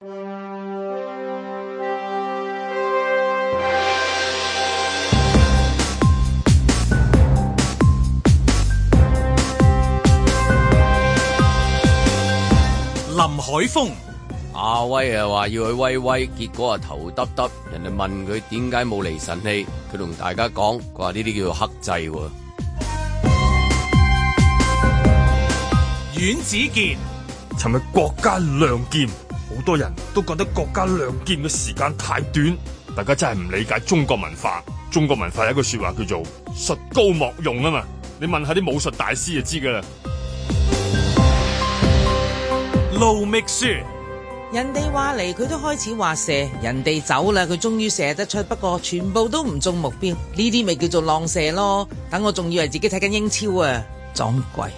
林海峰，阿威啊話要去威威，結果啊頭耷耷，人哋問佢點解冇嚟神器，佢同大家講，佢話呢啲叫做克制。阮子健，尋日國家亮劍。好多人都覺得國家亮劍嘅時間太短，大家真係唔理解中國文化。中國文化有一句說話叫做“術高莫用”啊嘛，你問下啲武術大師就知噶啦。路未輸，人哋話嚟佢都開始話射，人哋走啦，佢終於射得出，不過全部都唔中目標，呢啲咪叫做浪射咯。等我仲以為自己睇緊英超啊，裝鬼，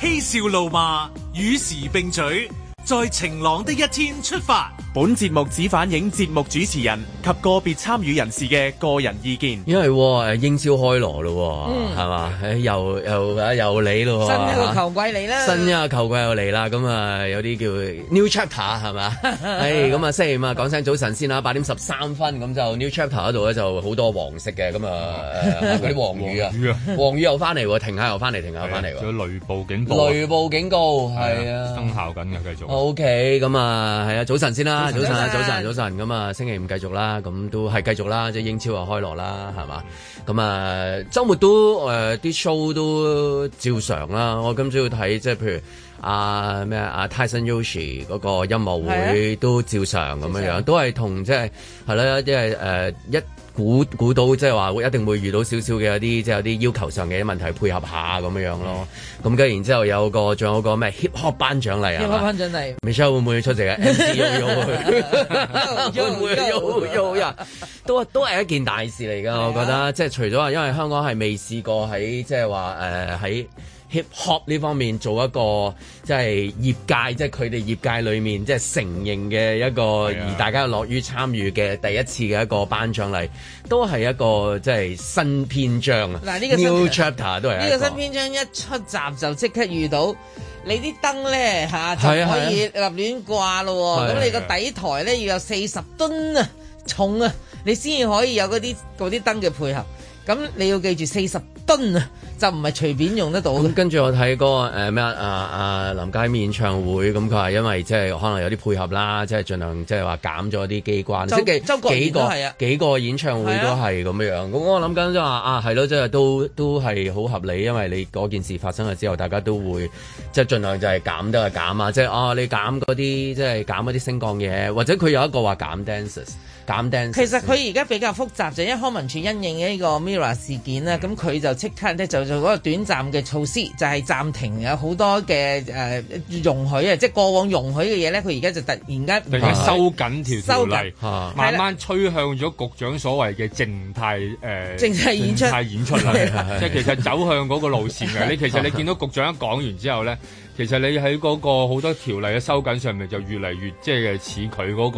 嬉笑怒罵與時並取。在晴朗的一天出發。本節目只反映節目主持人及個別參與人士嘅個人意見。因為英超開鑼喎，係嘛？又又又嚟咯，新一個球季嚟啦。新一個球季又嚟啦，咁啊有啲叫 new chapter 係嘛？誒咁啊星期五啊，講聲早晨先啦，八點十三分咁就 new chapter 嗰度咧就好多黃色嘅，咁啊嗰啲黃雨啊，黃雨又翻嚟喎，停下又翻嚟，停下翻嚟喎。仲有雷暴警告。雷暴警告係啊，生效緊嘅，繼續。O K，咁啊係啊，早晨先啦。早晨啊！早晨早晨咁啊，星期五繼續啦，咁都係繼續啦，即係英超又開鑼啦，係嘛？咁啊，周末都誒啲、呃、show 都照常啦。我今朝要睇即係譬如啊，咩啊，泰森 Yoshi 嗰個音樂會都照常咁樣的樣，都係同即係係啦即係誒一。估估到即係話會一定會遇到少少嘅，有啲即係有啲要求上嘅一啲問題配合下咁樣樣咯，咁跟、嗯嗯、然之後，然後有個仲有個咩 hip hop 頒獎禮嚟啊！hip hop 頒獎禮嚟吧，Michelle 會唔會出席啊？唔會都都係一件大事嚟噶， 我覺得即係、啊、除咗話，因為香港係未試過喺即係話誒喺。就是 Hip Hop 呢方面做一個，即、就、係、是、業界，即係佢哋業界裏面即係承認嘅一個，啊、而大家樂於參與嘅第一次嘅一個頒獎禮，都係一個即係、就是、新篇章啊！嗱、這個，呢個 New Chapter 都係，呢個新篇章一出閘就即刻遇到你啲燈咧吓，就可以立亂掛咯。咁、啊、你個底台咧要有四十噸啊重啊，你先至可以有嗰啲嗰啲燈嘅配合。咁你要記住四十。墩啊，就唔係隨便用得到咁跟住我睇、那個個誒咩啊啊,啊林家謙演唱會咁佢係因為即係可能有啲配合啦，即、就、係、是、盡量即係話減咗啲機關周杰、周國賢個是啊，幾個演唱會都係咁樣咁是、啊、我諗緊即話啊，係咯，即、就、係、是、都都係好合理，因為你嗰件事發生咗之後大家都會即係盡量就係減得係減,減、就是、啊，即係啊你減嗰啲即係減嗰啲升降嘢，或者佢有一個話減 dancers。暫其實佢而家比較複雜，就因為康文署因應呢個 Mirror 事件咧，咁佢、嗯、就即刻咧就做嗰個短暫嘅措施，就係、是、暫停有好多嘅誒、呃、容許啊，即係過往容許嘅嘢咧，佢而家就突然間，定係收緊條，條，收緊、啊、慢慢趨向咗局長所謂嘅靜態誒，靜、呃、態演出，靜演出即係其實走向嗰個路線嘅。 你其實你見到局長一講完之後咧。其實你喺嗰個好多條例嘅收緊上面就越來越、就越嚟越即係似佢嗰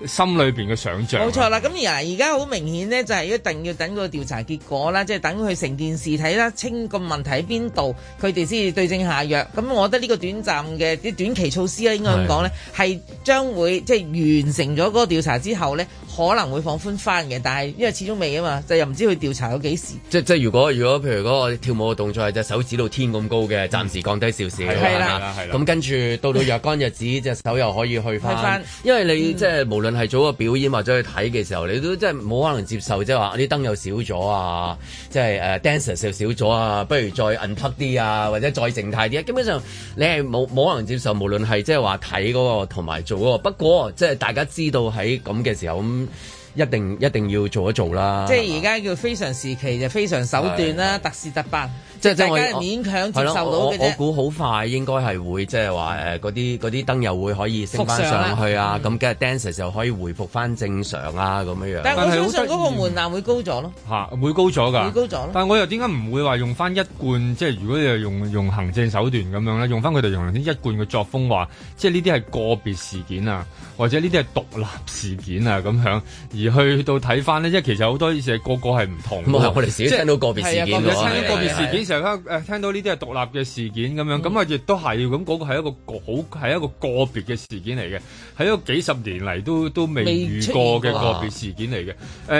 個心裏邊嘅想象。冇錯啦，咁而而家好明顯呢，就係、是、一定要等個調查結果啦，即、就、係、是、等佢成件事睇啦，清個問題喺邊度，佢哋先至對症下藥。咁我覺得呢個短暫嘅啲短期措施咧、啊，應該咁講呢，係是的 將會即係、就是、完成咗嗰個調查之後呢，可能會放寬翻嘅。但係因為始終未啊嘛，就又唔知佢調查咗幾時。即即係如果如果譬如嗰個跳舞嘅動作係隻手指到天咁高嘅，暫時降低少少。係啦，係啦，咁跟住到到若干日子，隻 手又可以去返，因為你、嗯、即係無論係做個表演或者去睇嘅時候，你都即係冇可能接受，即係話啲燈又少咗啊，即係、uh, dancers 又少咗啊，不如再 unplug 啲啊，或者再靜態啲，啊，基本上你係冇冇可能接受，無論係即係話睇嗰個同埋做嗰、嗰個。不過即係大家知道喺咁嘅時候咁。一定一定要做一做啦，即係而家叫非常時期就吧非常手段啦，特事特辦，即係大家係勉強接受到嘅啫。我我估好快應該係會即係話誒嗰啲啲燈又會可以升翻上去上啊，咁梗係 dancers 又可以回復翻正常啊咁樣樣。但係我相信嗰個門檻會高咗咯，嚇會高咗㗎，會高咗。但係我又點解唔會話用翻一貫，即係如果你係用用行政手段咁樣咧，用翻佢哋用一貫嘅作風話，即係呢啲係個別事件啊，或者呢啲係獨立事件啊咁樣而去到睇翻呢，即係其實好多意思係個個係唔同嘅。唔係，我哋少聽到個別事件咯。冇，聽到個別事件，成日都聽到呢啲係獨立嘅事件咁樣。咁啊、嗯，亦都係咁嗰個係一個個好係一個個別嘅事件嚟嘅，係一個幾十年嚟都都未遇過嘅個別事件嚟嘅。誒、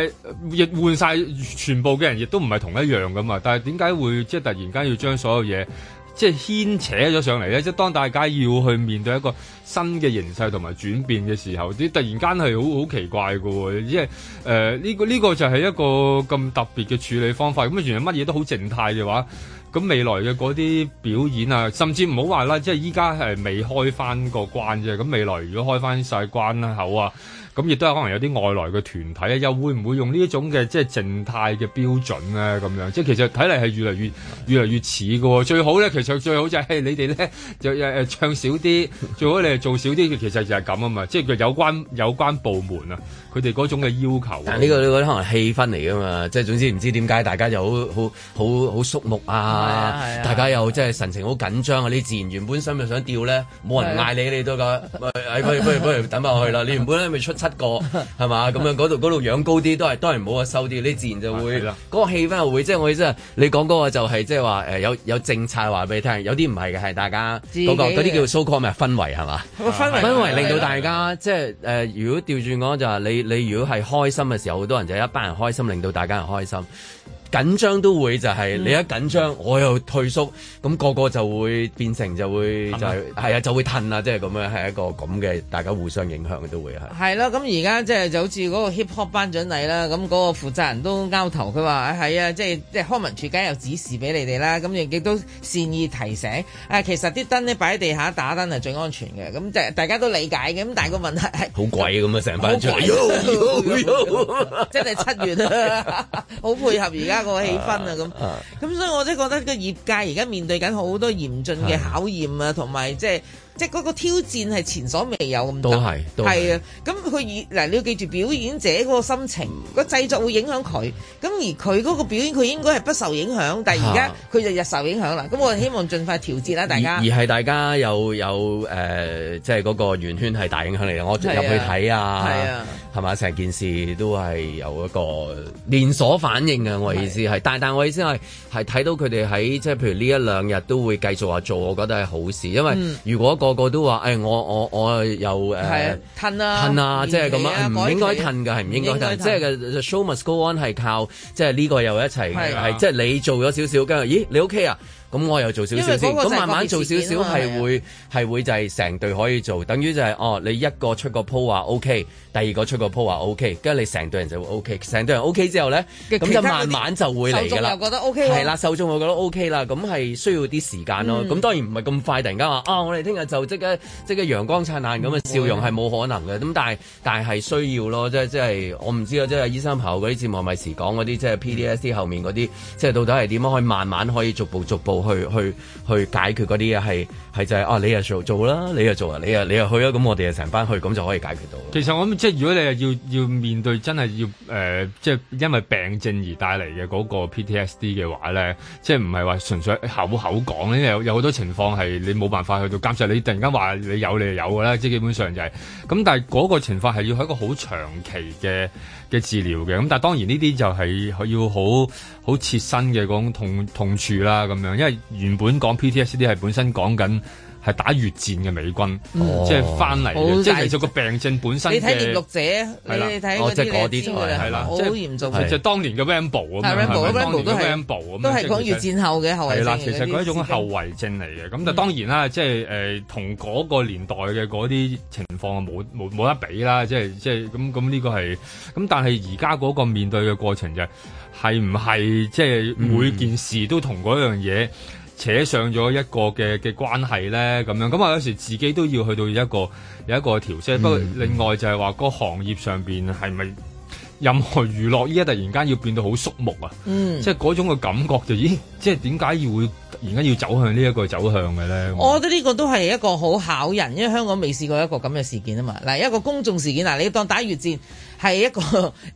啊，亦、欸、換晒全部嘅人，亦都唔係同一樣咁嘛。但係點解會即係突然間要將所有嘢？即係牽扯咗上嚟咧，即係當大家要去面對一個新嘅形勢同埋轉變嘅時候，啲突然間係好好奇怪㗎喎，即係誒呢個呢、呢個就係一個咁特別嘅處理方法。咁原來乜嘢都好靜態嘅話，咁未來嘅嗰啲表演啊，甚至唔好話啦，即係依家係未開翻個關啫。咁未來如果開翻晒關口啊！咁亦都係可能有啲外來嘅團體啊，又會唔會用呢一種嘅即係靜態嘅標準咧？咁樣即係其實睇嚟係越嚟越越嚟越似嘅喎。最好咧，其實最好就係、是、你哋咧就誒、呃、唱少啲，最好你哋做少啲。其實就係咁啊嘛，即係有關有關部門啊，佢哋嗰種嘅要求。但呢、這個呢、這個可能氣氛嚟㗎嘛，即係總之唔知點解大家就好好好好肅穆啊，啊啊大家又即係、就是、神情好緊張啊。你自然原本心就想吊咧，冇人嗌你，啊、你都喂、哎，不如不如不如，不如等下去啦。你原本咧咪出。 七個係嘛，咁樣嗰度嗰度養高啲都係當然冇話收啲，你自然就會嗰 個氣氛又會。即係我意思係，你講嗰個就係即係話有有政策話俾你聽，有啲唔係嘅係大家嗰、嗰個嗰啲叫 so called 咪氛圍，係嘛？氛圍氛圍令到大家即係誒、呃，如果調轉講就係你你如果係開心嘅時候，好多人就一班人開心，令到大家人開心。緊張都會就係、是、你一緊張，嗯、我又退縮，咁、那個個就會變成就會就係、是、係吧啊，就會褪啊，即係咁樣係一個咁嘅大家互相影響都會係。係啦，咁而家即係就好似嗰個 hip hop 頒獎禮啦，咁嗰個負責人都交頭，佢話係啊，即係即係康文署梗係有指示俾你哋啦，咁亦都善意提醒、啊、其實啲燈咧擺喺地下打燈係最安全嘅，咁就大家都理解嘅，咁但係個問題係好貴咁啊，成班出， 真係七月啊， 好配合而家。個氣氛啊咁，咁、uh, uh, 所以我真係覺得個業界而家面對緊好多嚴峻嘅考驗啊，同埋即係。即係嗰個挑戰係前所未有咁多，都係係啊，咁佢以嗱你要記住表演者嗰個心情，個製作會影響佢，咁而佢嗰個表演佢應該係不受影響，但係而家佢就日受影響啦。咁、啊、我希望盡快調節啦、啊，大家。而係大家有有誒即係嗰個圓圈係大影響嚟嘅。我入去睇啊，係啊，係嘛？成件事都係有一個連鎖反應嘅、啊，我意思係，是但但我意思係係睇到佢哋喺即係譬如呢一兩日都會繼續話做，我覺得係好事，因為如果。個個都話，哎，我我我有誒，褪啊，褪啊，即係咁樣，唔應該褪嘅，係唔應該褪，即係嘅 show must go on 係靠，即係呢個又一齊嘅，係即係你做咗少少，跟住，咦，你 OK 啊？咁我又做少少先，咁慢慢做少少係會，係會就係成隊可以做，等於就係、是、哦，你一個出個 po 話 O K，第二個出個 po 話 O K，跟住你成隊人就會 O K，成隊人 O、OK、K 之後咧，咁、OK，就慢慢就會嚟噶啦。受眾又覺得 O K，係啦，受眾我覺得 O K 啦，咁係需要啲時間咯。咁、嗯、當然唔係咁快，突然間話啊，我哋聽日就即刻即刻陽光燦爛咁嘅笑容係冇可能嘅。咁、嗯、但係但係需要咯，即係即係我唔知啊，即係醫生朋友嗰啲節目係咪時講嗰啲即係 P D S D 後面嗰啲，嗯、即係到底係點樣可以慢慢可以逐步逐步。去去去解決嗰啲嘢係係就係、是、啊，你又做啦，你又做啊，你又你又去啦，咁我哋又成班去，咁就可以解決到。其實我諗即係如果你係要要面對真係要誒、呃、即係因為病症而帶嚟嘅嗰個 PTSD 嘅話咧，即係唔係話純粹口口講咧？有有好多情況係你冇辦法去到監察，你突然間話你有你就有㗎啦，即係基本上就係、是、咁，但係嗰個情況係要喺一個好長期嘅。嘅治療嘅，咁但係當然呢啲就係要好好切身嘅嗰種痛痛處啦，咁樣，因為原本講 PTSD 呢係本身講緊。係打越戰嘅美軍，即係翻嚟，即係其實個病症本身。你睇《記錄者》，你睇嗰啲先係啦，好嚴重。其實當年嘅 Rambo 啊，係 Rambo Rambo 都 Rambo 都係講越戰後嘅後遺症。係啦，其實嗰種後遺症嚟嘅，咁但當然啦，即係同嗰個年代嘅嗰啲情況冇冇冇得比啦，即係即係咁咁呢個係咁，但係而家嗰個面對嘅過程就係唔係即係每件事都同嗰樣嘢。扯上咗一個嘅嘅關係咧，咁樣咁啊，有時自己都要去到一個有一個調節。嗯、不過另外就係話，嗰、嗯、行業上邊係咪任何娛樂依家突然間要變到好肅穆啊？嗯，即係嗰種嘅感覺就咦，即係點解要會突然間要走向呢一個走向嘅咧？我覺得呢個都係一個好考人，因為香港未試過一個咁嘅事件啊嘛。嗱，一個公眾事件嗱，你當打越戰。係一個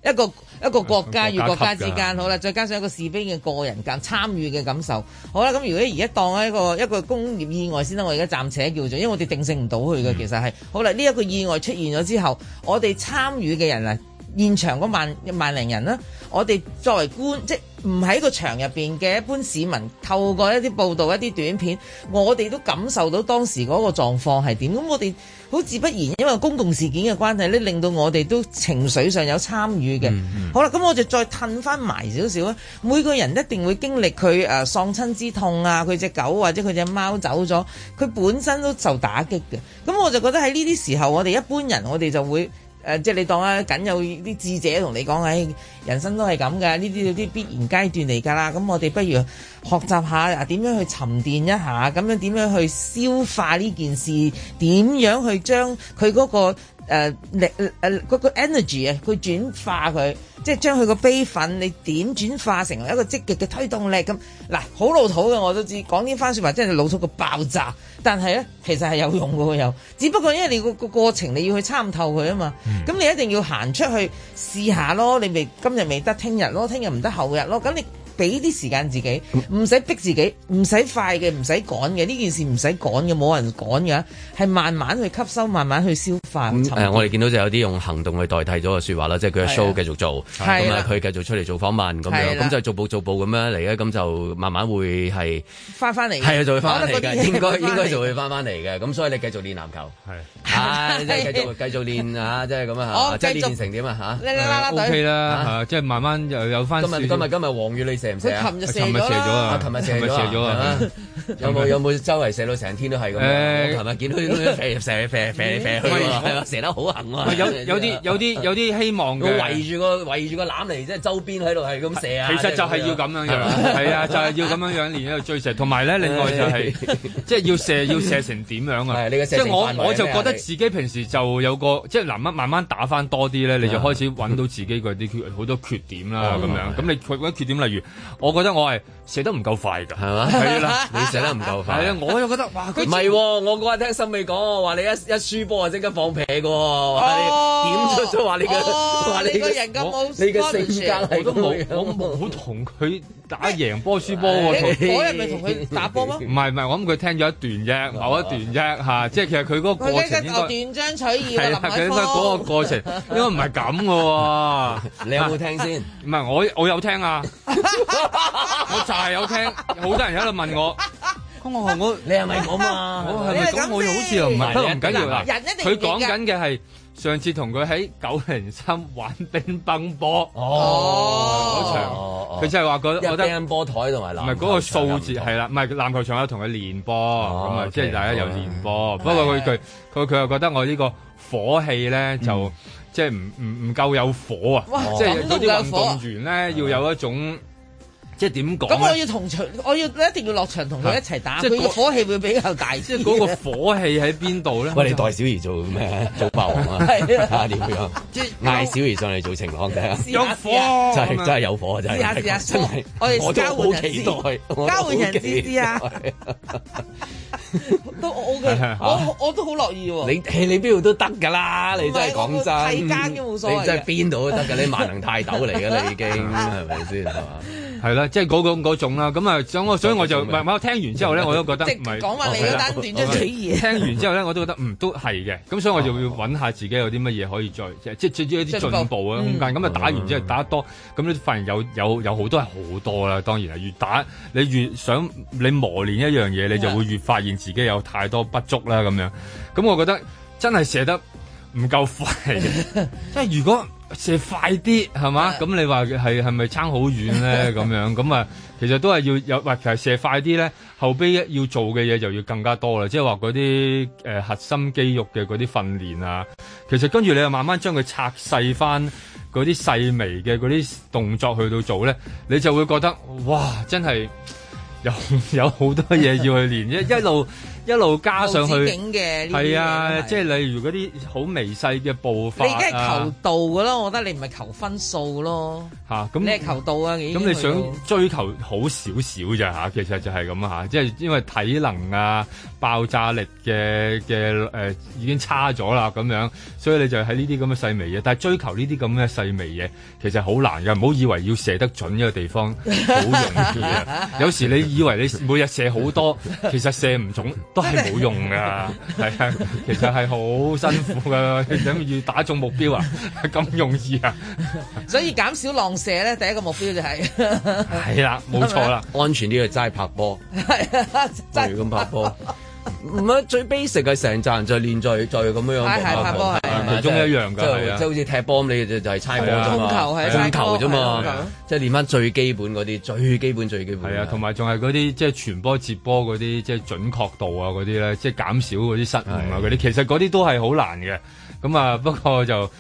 一個一個國家與國家之間，好啦，再加上一個士兵嘅個人間參與嘅感受，好啦。咁如果而家當一個一個工業意外先啦，我而家暫且叫做，因為我哋定性唔到佢嘅其實係。好啦，呢一個意外出現咗之後，我哋參與嘅人啊，現場嗰萬萬零人啦，我哋作為官，即唔喺個場入面嘅一般市民，透過一啲報道、一啲短片，我哋都感受到當時嗰個狀況係點。咁我哋。好自不然，因為公共事件嘅關係咧，令到我哋都情緒上有參與嘅。嗯嗯、好啦，咁我就再褪翻埋少少啊！每個人一定會經歷佢誒喪親之痛啊，佢隻狗或者佢隻貓走咗，佢本身都受打擊嘅。咁我就覺得喺呢啲時候，我哋一般人我哋就會。誒，即係你當啊，梗有啲智者同你講，誒、哎，人生都係咁嘅，呢啲啲必然階段嚟㗎啦。咁我哋不如學習下啊，點樣去沉澱一下，咁樣點樣去消化呢件事，點樣去將佢嗰、嗰個。誒、呃、力誒嗰、呃那個 energy 啊，佢轉化佢，即係將佢個悲憤，你點轉化成為一個積極嘅推動力咁？嗱，好老土嘅我都知，講呢番説話真係老土到爆炸。但係咧，其實係有用嘅，有。只不過因為你個個過程你要去參透佢啊嘛，咁、嗯、你一定要行出去試下咯。你咪今日未得，聽日咯，聽日唔得，後日咯，咁你。俾啲時間自己，唔使逼自己，唔使快嘅，唔使趕嘅，呢件事唔使趕嘅，冇人趕㗎，係慢慢去吸收，慢慢去消化。我哋見到就有啲用行動去代替咗個說話啦，即係佢嘅 show 繼續做，咁佢繼續出嚟做訪問咁樣，咁就逐步逐步咁樣嚟，咁就慢慢會係翻翻嚟，係啊，就會翻嚟㗎，應該應該就會翻翻嚟嘅，咁所以你繼續練籃球，係，係繼續繼續練啊，即係咁啊，即係練成點啊，嚇，OK 啦，即係慢慢又有返。今日今日黃唔識啊！琴日射咗啊，琴日射咗啊！有冇有冇周圍射到成天都係咁？我琴日見到射嚟射去，射嚟射射得好狠啊。有有啲有啲有啲希望嘅，圍住個圍住個籃嚟，即係周邊喺度係咁射啊！其實就係要咁樣嘅，係啊，就係要咁樣樣練喺度追射。同埋咧，另外就係即係要射要射成點樣啊？即係我我就覺得自己平時就有個即係嗱，慢慢打翻多啲咧，你就開始揾到自己嗰啲好多缺點啦咁樣。咁你嗰啲缺點例如？我覺得我係。射得唔夠快㗎，係嘛？係啦，你射得唔夠快。係啊，我又覺得哇，佢唔係喎。我嗰日聽森美講，我話你一一輸波就即刻放屁㗎，你點出咗話你個話你個人你冇安全感，我都冇，我冇同佢打贏波輸波我你咪同佢打波唔係唔係，我諗佢聽咗一段啫，某一段啫嚇。即係其實佢嗰個過程應該斷章取義咯。係啊，嗰個過程應該唔係咁嘅喎。你有冇聽先？唔係我我有聽啊。係有聽，好多人喺度問我。咁我我，你又咪講嘛？我係咪講我好似又唔係唔緊要啦。佢講緊嘅係上次同佢喺九龍山玩乒乓波。哦。嗰場。佢就係話覺得覺得。乒乓波台同埋籃唔係嗰個數字係啦，唔係籃球場有同佢練波，咁啊即係大家又練波。不過佢佢佢佢又覺得我呢個火氣咧就即係唔唔唔夠有火啊！即係嗰啲運動員咧要有一種。即係點講？咁我要同場，我要一定要落場同佢一齊打。佢個火氣會比較大。即係嗰個火氣喺邊度咧？喂，你代小儀做咩？做霸王啊？點樣？嗌小儀上嚟做情郎仔啊！有火，真係真係有火啊！真係，我哋交換期待，交換人試知啊！都我我都好樂意喎。你你邊度都得㗎啦，你真係講真。世間都冇所謂！即係邊度都得㗎，你萬能泰斗嚟㗎啦，已經係咪先係嘛？係啦。即係嗰嗰種啦，咁啊，我所以我就唔係，聽聽完之後咧，我都覺得講係講話彆單斷章取義。聽完之後咧，我都覺得嗯都係嘅，咁、哦、所以我就要揾下自己有啲乜嘢可以再、嗯、即係即係一啲進步嘅空間。咁啊、嗯、打完之後打得多，咁你發現有有有好多係好多啦。當然係，越打你越想你磨練一樣嘢，嗯、你就會越發現自己有太多不足啦。咁樣，咁我覺得真係寫得唔夠快。嗯、即係如果。射快啲係嘛？咁、啊、你話係係咪撐好遠咧？咁 樣咁啊，其實都係要有，尤其係射快啲咧，後邊要做嘅嘢就要更加多啦。即係話嗰啲誒核心肌肉嘅嗰啲訓練啊，其實跟住你又慢慢將佢拆細翻嗰啲細微嘅嗰啲動作去到做咧，你就會覺得哇，真係有有好多嘢要去練， 一一路。一路加上去，係啊，即係例如嗰啲好微細嘅步伐。你而家係求道噶咯，啊、我覺得你唔係求分數咯。吓、啊，咁你係求道啊？咁你想追求好少少啫，吓？其實就係咁啊吓，即係因為體能啊。爆炸力嘅嘅誒已經差咗啦，咁樣，所以你就喺呢啲咁嘅細微嘢，但係追求呢啲咁嘅細微嘢，其實好難嘅。唔好以為要射得準呢個地方好容易， 有時你以為你每日射好多，其實射唔中都係冇用㗎。係啊， 其實係好辛苦嘅，咁要打中目標啊，咁容易啊？所以減少浪射咧，第一個目標就係係啦，冇 錯啦，安全啲嘅齋拍波，係啊 ，咁拍波。唔係，最 basic 嘅成站就係練聚聚咁樣，拍球，拍波，係其中一樣㗎。即就好似踢波你就就係猜波啫嘛。控球係，控球啫嘛。即係練翻最基本嗰啲，最基本最基本。係啊，同埋仲係嗰啲即係傳波、接波嗰啲，即係準確度啊嗰啲咧，即係減少嗰啲失誤啊嗰啲。其實嗰啲都係好難嘅。咁啊，不過就。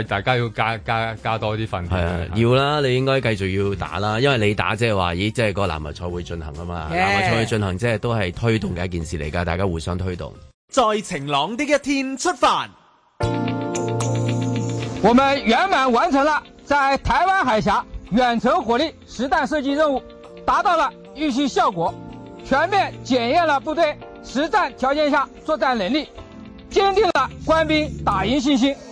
大家要加加加多啲份，係啊的，的要啦，的你應該繼續要打啦，嗯、因為你打即係話，咦，即、就、係、是、個南亞賽會進行啊嘛，的南亞賽會進行即係都係推動嘅一件事嚟噶，大家互相推動。在晴朗的一天出發。我們圓滿完成了在台灣海峽遠程火力實彈射擊任務，達到了預期效果，全面檢驗了部隊實戰條件下作戰能力，堅定了官兵打贏信心。嗯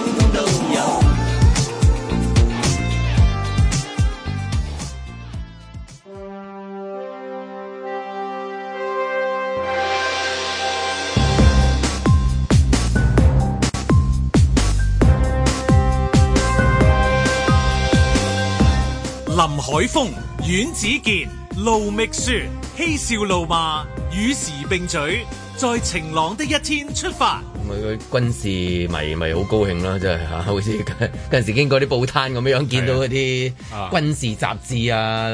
海峰，阮子健，盧覓雪，嬉笑怒罵，與時並舉，在晴朗的一天出發。軍事迷迷好高興啦，真係吓！好似嗰陣時經過啲報攤咁樣，見到嗰啲軍事雜誌啊、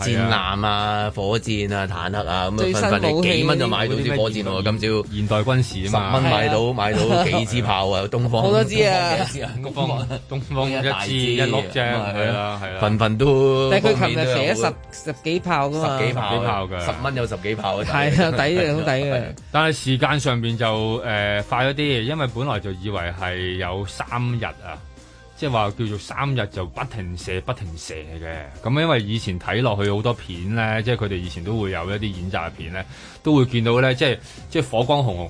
戰艦啊、火箭啊、坦克啊，咁啊分分幾蚊就買到支火箭喎。今朝現代軍事嘛，十蚊買到買到幾支炮啊，東方好多支啊，東方東方一支一碌啫係啊，係啊，份份都。但係佢琴日射咗十十幾炮噶十幾炮，十蚊有十幾炮啊！係啊，抵嘅好抵嘅。但係時間上邊就誒。快咗啲，因為本來就以為係有三日啊，即係話叫做三日就不停射不停射嘅。咁因為以前睇落去好多片咧，即係佢哋以前都會有一啲演習片咧，都會見到咧，即係即係火光紅紅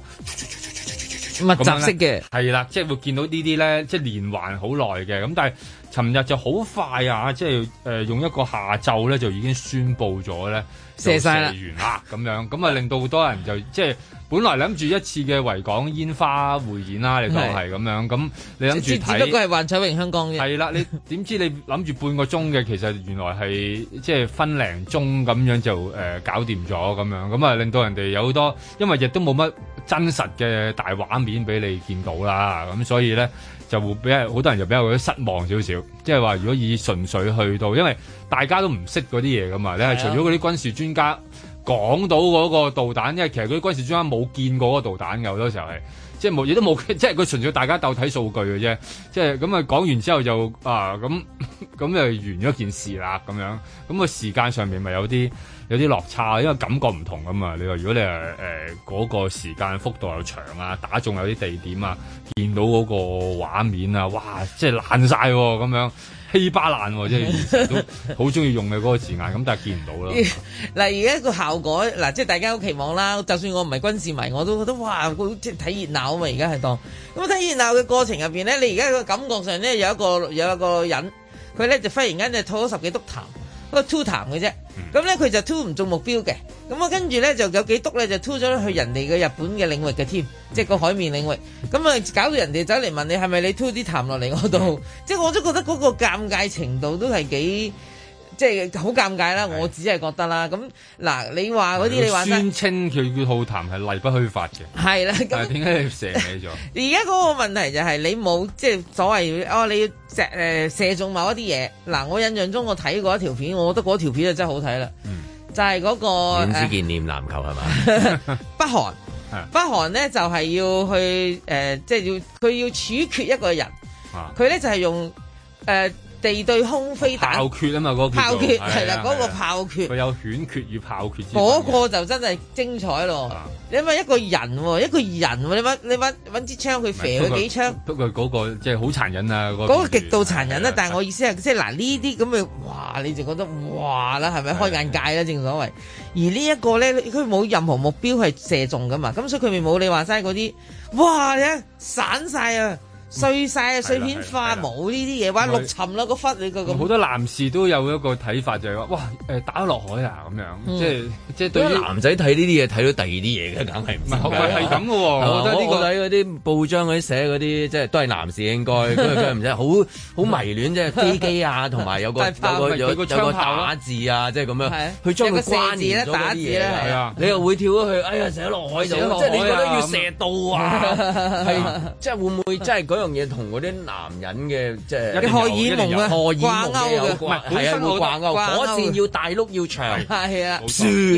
密集式嘅，係啦，即係會見到呢啲咧，即係連環好耐嘅。咁但係尋日就好快啊，即係誒、呃、用一個下晝咧就已經宣布咗咧。謝晒啦，咁樣咁啊，就令到好多人就即係本來諗住一次嘅維港煙花匯演啦，嚟都係咁樣。咁你諗住睇，只不過係幻彩詠香江嘅。係啦，你點知你諗住半個鐘嘅，其實原來係即係分零鐘咁樣就誒、呃、搞掂咗咁樣。咁啊，令到人哋有好多，因為亦都冇乜真實嘅大畫面俾你見到啦。咁所以咧。就會比較好多人就比較失望少少，即係話如果以純粹去到，因為大家都唔識嗰啲嘢噶嘛，你係的除咗嗰啲軍事專家。講到嗰個導彈，因為其實嗰啲軍事專家冇見過嗰個導彈嘅好多時候係，即係冇亦都冇，即係佢純粹大家鬥睇數據嘅啫。即係咁啊，講完之後就啊咁，咁就完咗件事啦，咁樣。咁個時間上面咪有啲有啲落差，因為感覺唔同啊嘛。你話如果你係嗰、呃嗰個時間幅度又長啊，打中有啲地點啊，見到嗰個畫面啊，哇！即係爛晒喎咁樣。稀巴爛即係以前都好中意用嘅嗰個字眼，咁但係見唔到咯。嗱，而家個效果嗱，即係大家好期望啦。就算我唔係軍事迷，我都覺得哇，即係睇熱鬧啊嘛！而家係當咁睇熱鬧嘅過程入邊咧，你而家個感覺上咧有一個有一個人，佢咧就忽然間就吐咗十幾篤痰。個 to 潭嘅啫，咁咧佢就 to 唔中目標嘅，咁啊跟住咧就有幾督咧就 to 咗去人哋嘅日本嘅領域嘅添，即係個海面領域，咁啊搞到人哋走嚟問你係咪你 to 啲潭落嚟我度？即係我都覺得嗰個尷尬程度都係幾。即係好尷尬啦，我只係覺得啦。咁嗱的，你話嗰啲你話宣稱佢嘅口談係例不虛發嘅，係啦。點解要射嘅咗？而家嗰個問題就係你冇即係所謂哦，你要射誒、呃、射中某一啲嘢。嗱，我印象中我睇過一條片，我覺得嗰條片就真係好睇啦。嗯，就係嗰、嗰個唔知見念籃球係嘛？ 北韓， 的北韓咧就係、是、要去誒、呃，即係要佢要處決一個人。佢咧、啊、就係、是、用誒。呃地對空飛彈，炮決啊嘛，嗰個炮決係啦，嗰個炮決佢有犬決與炮決。嗰個就真係精彩咯，因為一個人喎，一個人你你揾支槍，佢射佢幾槍。不過嗰個即係好殘忍啊！嗰個極度殘忍啦。但係我意思係即係嗱呢啲咁咪哇，你就覺得哇啦，係咪開眼界啦？正所謂。而呢一個咧，佢冇任何目標係射中噶嘛，咁所以佢咪冇你話齋嗰啲哇，一散晒啊！碎晒碎片化冇呢啲嘢，哇！六沉啦，嗰忽你個咁。好多男士都有一個睇法就係話，哇！誒打落海啊咁樣，即係即係對於男仔睇呢啲嘢睇到第二啲嘢嘅，梗係唔係？係咁嘅喎，我我睇嗰啲報章嗰啲寫嗰啲，即係都係男士應該，佢唔使好好迷戀即係飛機啊，同埋有個有個打字啊，即係咁樣，佢將關聯咗嗰啲嘢嚟，你又會跳咗去，哎呀，寫落海就，即係你覺得要射到啊，即係會唔會即係樣嘢同嗰啲男人嘅即係有啲荷爾蒙啊，荷爾蒙嘢有關，係啊，會掛鈎。火箭要大碌，要長，係啊，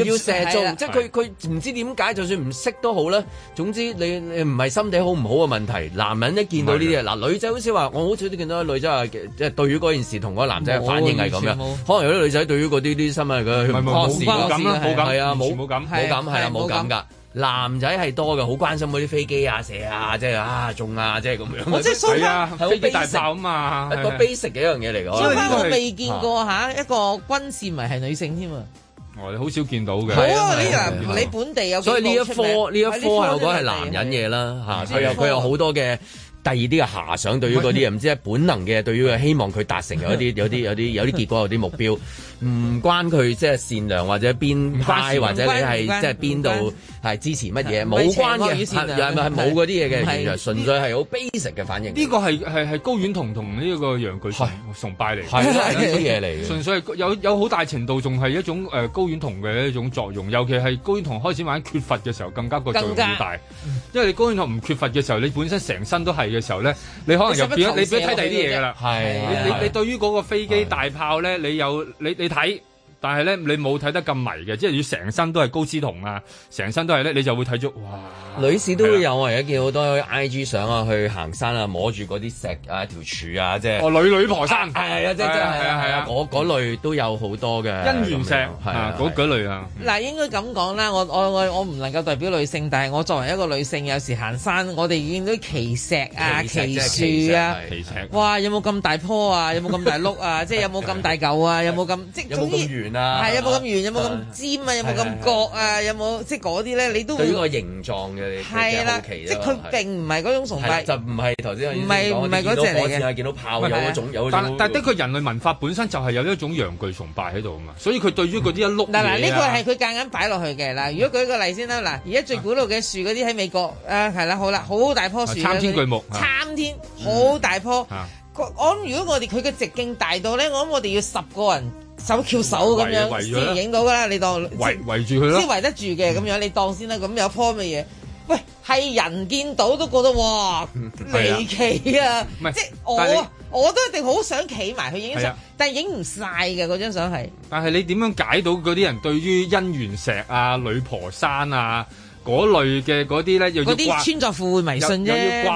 要射中，即係佢佢唔知點解，就算唔識都好啦。總之你你唔係心地好唔好嘅問題。男人一見到呢啲啊，嗱女仔好似話，我好似都見到女仔話，即係對於嗰件事同嗰個男仔嘅反應係咁嘅。可能有啲女仔對於嗰啲啲心啊，佢冇安全感，係啊，冇感，冇感，係啊，冇感㗎。男仔係多嘅，好關心嗰啲飛機啊、射啊，即係啊中啊，即係咁樣。我即係蘇啊係好 basic 啊嘛，一個 basic 嘅一樣嘢嚟講。所以我未見過嚇一個軍事迷係女性添啊！我哋你好少見到嘅。好啊，你嗱，你本地有。所以呢一科呢一科，我覺得係男人嘢啦嚇。佢有佢有好多嘅第二啲嘅遐想，對於嗰啲唔知啊本能嘅，對於希望佢達成有一啲有啲有啲有啲結果有啲目標。唔關佢即係善良或者邊派，或者你係即係邊度係支持乜嘢？冇關嘅，係咪係冇嗰啲嘢嘅？純粹係好 basic 嘅反應。呢個係係係睾丸酮同呢個陽具崇拜嚟，係啲嘢嚟。純粹係有有好大程度仲係一種誒睾丸酮嘅一種作用，尤其係睾丸酮開始玩缺乏嘅時候，更加個作用大。因為你睾丸酮唔缺乏嘅時候，你本身成身都係嘅時候咧，你可能又表你表批第二啲嘢㗎啦。你對於嗰個飛機大炮咧，你有你。你睇。但係咧，你冇睇得咁迷嘅，即係要成身都係高斯同啊，成身都係咧，你就會睇足哇！女士都會有啊，而家見好多 I G 相啊，去行山啊，摸住嗰啲石啊、條柱啊，即係哦，女女婆山，係啊，即係即係啊，係啊，嗰嗰類都有好多嘅姻緣石，係啊，嗰類啊。嗱，應該咁講啦，我我我唔能夠代表女性，但係我作為一個女性，有時行山，我哋見到奇石啊、奇樹啊、奇石，哇！有冇咁大棵啊？有冇咁大碌啊？即係有冇咁大嚿啊？有冇咁即係？係有冇咁圓，有冇咁尖啊？有冇咁角啊？有冇即係嗰啲咧？你都對於個形狀嘅，係啦，即佢並唔係嗰種崇拜，就唔係頭先唔已經講見到我先係見到炮嘅。有種有，但但的確人類文化本身就係有一種陽具崇拜喺度啊嘛，所以佢對於嗰啲一碌嗱嗱，呢個係佢夾硬擺落去嘅啦。如果舉個例先啦，嗱，而家最古老嘅樹嗰啲喺美國，誒係啦，好啦，好大棵樹，參天巨木，參天好大棵。我諗如果我哋佢嘅直徑大到咧，我諗我哋要十個人。手翹手咁樣先影到啦，你當圍圍住佢咯，先圍得住嘅咁樣，嗯、你當先啦。咁有棵咩嘢？喂，係人見到都覺得嘩， 離奇啊！啊即我我都一定好想企埋去影相，啊、但係影唔晒嘅嗰張相係。但係你點樣解到嗰啲人對於姻緣石啊、女婆山啊？嗰類嘅嗰啲咧，又要啲穿鑿附會迷信啫。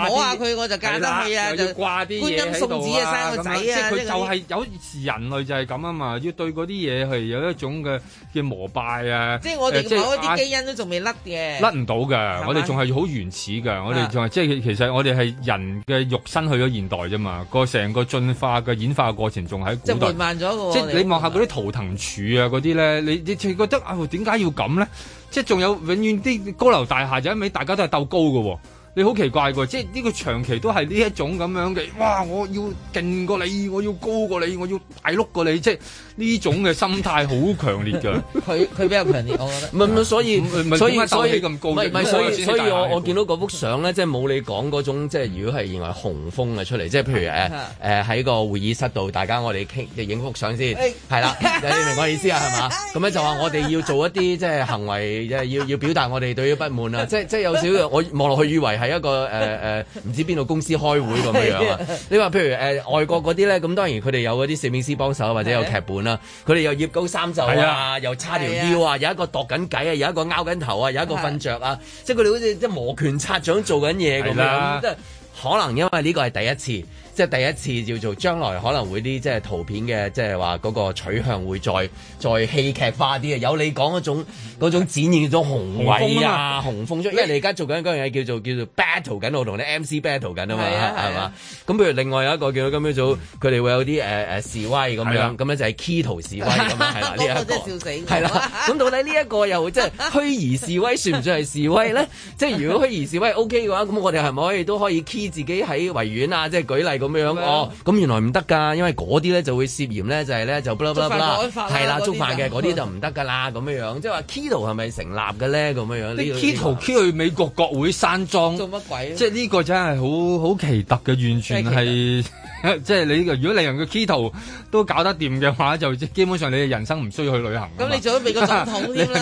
我話佢我就教翻佢啊，啦就觀音送、啊、子啊，生個仔啊。即係佢就係有時人類就係咁啊嘛，要對嗰啲嘢係有一種嘅嘅膜拜啊。即係我哋某一啲基因都仲未甩嘅，甩唔到㗎。我哋仲係好原始㗎。我哋仲係即係其實我哋係人嘅肉身去咗現代啫嘛。個成個進化嘅演化過程仲喺古代。就慢個即係慢咗㗎。即係你望下嗰啲圖騰柱啊嗰啲咧，你你覺得啊點解要咁咧？即係仲有永遠啲高樓大廈，就一味大家都係鬥高㗎喎。你好奇怪㗎，即係呢個長期都係呢一種咁樣嘅，哇！我要勁過你，我要高過你，我要大碌過，過，過你，即係呢種嘅心態好強烈㗎。佢佢 比較強烈，我覺得。唔唔， 所以所以所以，所以所以我我見到嗰幅相咧，即係冇你講嗰種，即係如果係認為雄風嘅出嚟，即係譬如誒誒喺個會議室度，大家我哋傾，影幅相先，係啦、哎，你明我意思啊，係嘛？咁咧就話我哋要做一啲即係行為，即係要要表達我哋對於不滿啊！ 即即係有少少，我望落去以為。係一個誒誒，唔、呃呃、知邊度公司開會咁樣 啊？你話譬如誒、呃、外國嗰啲咧，咁當然佢哋有嗰啲攝影師幫手，或者有劇本啦。佢哋又曳高衫袖啊，啊又叉條腰啊，啊有一個度緊計啊，有一個拗緊頭啊，有一個瞓着啊，啊即係佢哋好似即係摩拳擦掌做緊嘢咁樣。即係、啊、可能因為呢個係第一次。即係第一次叫做將來可能會啲即係圖片嘅即係話嗰個取向會再再戲劇化啲啊！有你講嗰種嗰種展現咗宏偉呀，啊，雄風、啊，風你因為你而家做緊一樣嘢叫做叫做 battle 緊，我同你 MC battle 緊啊嘛，係嘛？咁譬如另外有一個叫做咁樣做，佢哋會有啲誒誒示威咁樣，咁咧就係 key 圖示威咁樣係啦呢一個。係啦，咁到底呢一個又即係虛擬示威算唔算係示威咧？ 即係如果虛擬示威 OK 嘅話，咁我哋係咪可以都可以 key 自己喺維園啊？即係舉例。咁樣嗎哦，咁原來唔得噶，因為嗰啲咧就會涉嫌咧就係咧就，ab 就不啦不啦不啦，係啦，觸犯嘅嗰啲就唔得噶啦。咁樣樣即係話 Kito 係咪成立嘅咧？咁樣樣 Kito 去美國國會山莊做乜鬼啊？即係呢個真係好好奇特嘅，完全係。 即係你如果你用個 Kito 都搞得掂嘅話，就基本上你嘅人生唔需要去旅行。咁你做咗個總統先啦，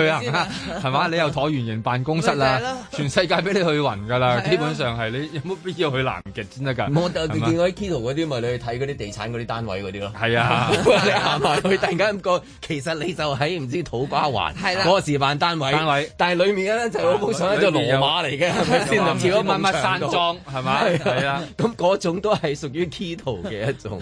旅行啦，係嘛？你又橢圓形辦公室啦，全世界俾你去雲㗎啦，基本上係你有冇必要去南極先得㗎？我就見嗰啲 Kito 嗰啲咪你去睇嗰啲地產嗰啲單位嗰啲咯。係啊，行埋去突然間個，其實你就喺唔知土瓜灣嗰個示範單位，但係裡面呢，就好唔想喺羅馬嚟嘅，先咗乜乜山莊係咪？係啊，咁嗰種都係屬於。於 K 圖嘅一種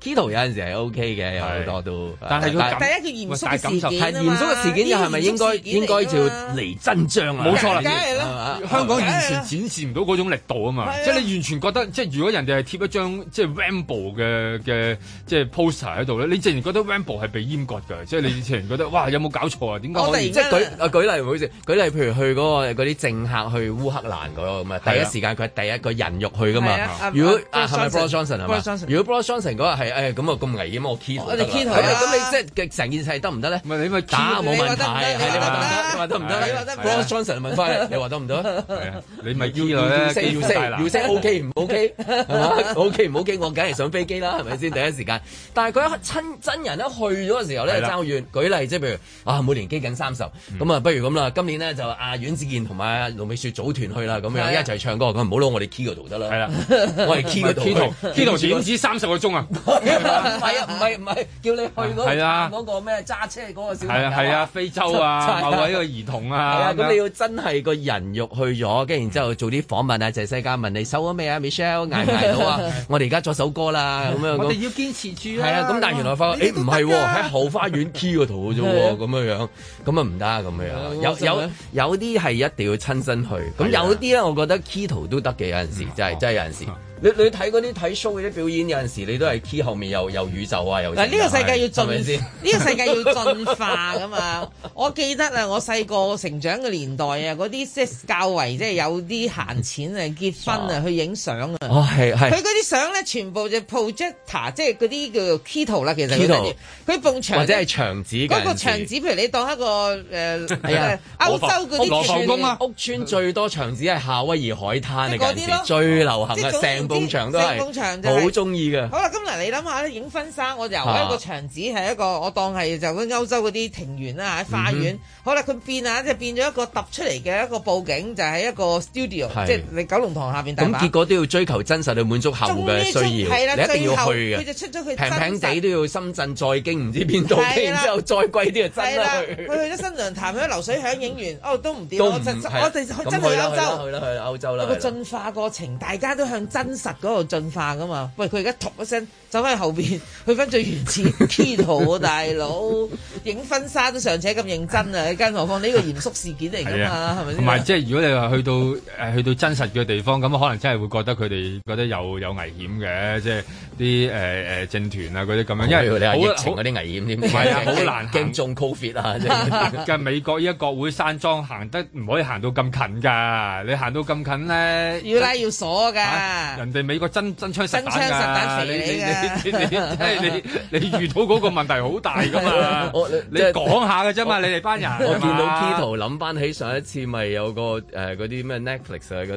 K 圖有陣時係 OK 嘅，有好多都。但係第一個嚴肅事件啊嘛，係嚴肅嘅事件，你係咪應該應該就要嚟真章啊？冇錯啦，香港完全展示唔到嗰種力度啊嘛！即係你完全覺得，即係如果人哋係貼一張即係 Rambo 嘅嘅即係 poster 喺度咧，你竟然覺得 Rambo 係被閹割㗎？即係你以前覺得哇，有冇搞錯啊？點解我突然即係舉例唔好意思，舉例，譬如去嗰個嗰啲政客去烏克蘭嗰個咁啊，第一時間佢第一個人肉去㗎嘛？如果啊係咪？如果 Bloss Johnson 嗰日係咁啊咁危險，我 keep。我哋 keep 好啦。咁你即係成件事得唔得咧？唔係你咪打，冇問題係咪？你話得唔得？Bloss Johnson 問翻你，你話得唔得？你咪 O K 唔 O K？O K 唔 O K？我梗係上飛機啦，係咪先？第一時間。但係佢一親真人一去咗嘅時候咧，爭遠。舉例即係譬如啊，每年機緊三十，咁啊不如咁啦，今年咧就阿阮子健同埋盧美雪組團去啦，咁樣一齊唱歌咁，唔好攞我哋 keep 個圖得啦。係啦，我係 keep 個圖 key 圖點止三十個鐘啊？唔係啊，唔係唔係，叫你去嗰係啊，嗰個咩揸車嗰個小係啊係啊，非洲啊，為呢個兒童啊，啊，咁你要真係個人肉去咗，跟然之後做啲訪問啊，謝世嘉問你收咗未啊，Michelle 挨唔挨到啊？我哋而家作首歌啦，咁樣我哋要堅持住啊，咁但係原來發覺誒唔係喺後花園 key 個圖啫喎，咁樣樣咁啊唔得咁樣。有有有啲係一定要親身去，咁有啲咧，我覺得 key 圖都得嘅，有陣時就係真係有陣時。你你睇嗰啲睇 show 啲表演，有陣時你都係 key 後面又有宇宙啊，又嗱呢個世界要進，呢個世界要進化噶嘛？我記得啊，我細個成長嘅年代啊，嗰啲即係較為即係有啲閒錢啊，結婚啊去影相啊，哦係係，佢嗰啲相咧全部就 projector，即係嗰啲叫做 kito 啦，其實 key 佢放牆，或者係牆紙，嗰牆紙譬如你當一個係啊歐洲嗰啲屋邨，最多牆紙係夏威夷海灘啊，嗰陣最流行成。工場都係，就係、好中意嘅。好啦，咁嗱，你諗下咧，影婚紗，我由一個場子係、啊、一個，我當係就嗰歐洲嗰啲庭園啊，喺花園。嗯好啦，佢變啊，即係變咗一個凸出嚟嘅一個佈景，就係一個 studio，即係你九龍塘下邊大把。咁結果都要追求真實去滿足客戶嘅需要，一定要去嘅。平平地都要深圳再經唔知邊度，之後再貴啲就真啦去。佢去咗新娘潭，去咗流水響影完，哦都唔掂，我哋去真係去歐洲。去啦去歐洲啦。個進化過程大家都向真實嗰度進化噶嘛？喂，佢而家突一聲走翻後邊，去翻最原始 P 圖大佬影婚紗都尚且咁認真啊！更何況呢個嚴肅事件嚟㗎嘛，係咪先？同埋即係如果你話去到誒去到真實嘅地方，咁可能真係會覺得佢哋覺得有有危險嘅，即係啲誒誒政團啊嗰啲咁樣，因為你話疫情嗰啲危險啲，係好難驚中 COVID 啊！即係美國依家國會山莊行得唔可以行到咁近㗎，你行到咁近咧，要拉要鎖㗎。人哋美國真真槍實彈，你你你你遇到嗰個問題好大㗎嘛？你講下㗎啫嘛，你哋班人。我見到 Kito，諗翻起上一次咪有個誒嗰啲咩 Netflix 啊嗰啲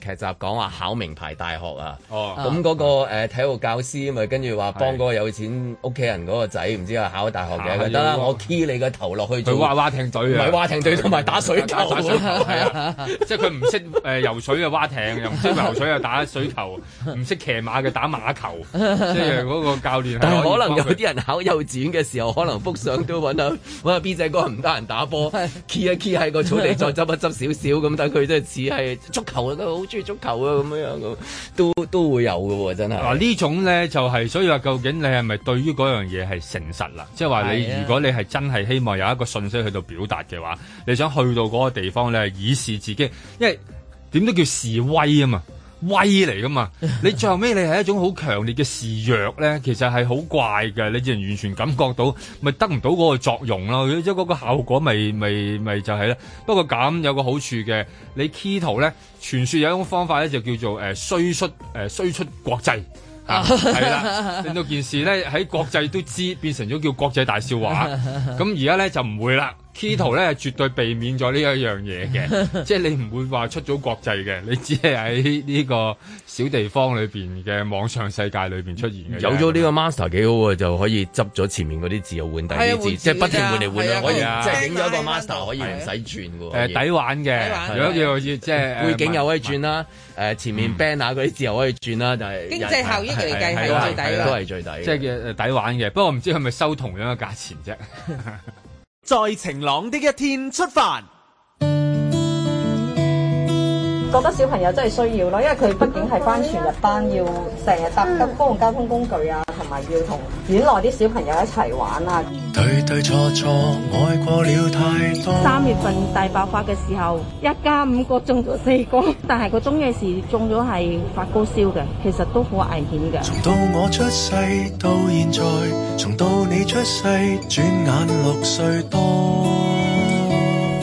劇集講話考名牌大學啊，咁嗰個誒體育教師咪跟住話幫嗰個有錢屋企人嗰個仔，唔知話考大學嘅，得啦我 key 你個頭落去，佢蛙蛙艇隊，蛙艇隊，同埋打水球，打啊，即係佢唔識誒游水嘅蛙艇，又唔識游水又打水球，唔識騎馬嘅打馬球，即係嗰個教練可能有啲人考幼稚園嘅時候，可能幅相都揾到，阿 B 仔哥唔得人打。阿、啊、波，kick 一 kick 喺個草地再撿一撿一，再執一執少少咁，就佢真係似係足球，都好中意足球啊，咁樣咁都都會有噶，真係。嗱呢種咧就係、是，所以話究竟你係咪對於嗰樣嘢係誠實啦？即係話你、啊、如果你係真係希望有一個訊息去到表達嘅話，你想去到嗰個地方咧，以示自己，因為點都叫示威啊嘛。威嚟㗎嘛，你最後尾你係一種好強烈嘅示弱咧，其實係好怪嘅，你人完全感覺到，咪得唔到嗰個作用咯。咁即係嗰個效果，咪咪咪就係啦。不過咁有個好處嘅，你 K 圖咧，傳説有一種方法咧，就叫做誒衰出誒衰出國際啊，係啦，令到件事咧喺國際都知，變成咗叫國際大笑話。咁而家咧就唔會啦。Key 圖咧係絕對避免咗呢一樣嘢嘅，即係你唔會話出咗國際嘅，你只係喺呢個小地方裏面嘅網上世界裏面出現嘅。有咗呢個 master 幾好喎，就可以執咗前面嗰啲字，又換第啲字，即係不停換嚟換去，可以即係影咗一個 master 可以唔使轉喎。抵玩嘅，好似即係背景又可以轉啦，誒前面 Banner 嗰啲字又可以轉啦，就係經濟效益嚟計係最抵啦，都係最抵，即係抵玩嘅。不過唔知係係咪收同樣嘅價錢啫？在晴朗的一天出發，覺得小朋友真係需要咯，因為佢畢竟係返全日班，要成日搭公共交通工具啊。咪要同院內啲小朋友一齊玩啊！對對錯錯，愛過了太多。三月份大爆發嘅時候，一家五個中咗四個，但係個中嘅事中咗係發高燒嘅，其實都好危險嘅。從到我出世到現在，從到你出世，轉眼六歲多。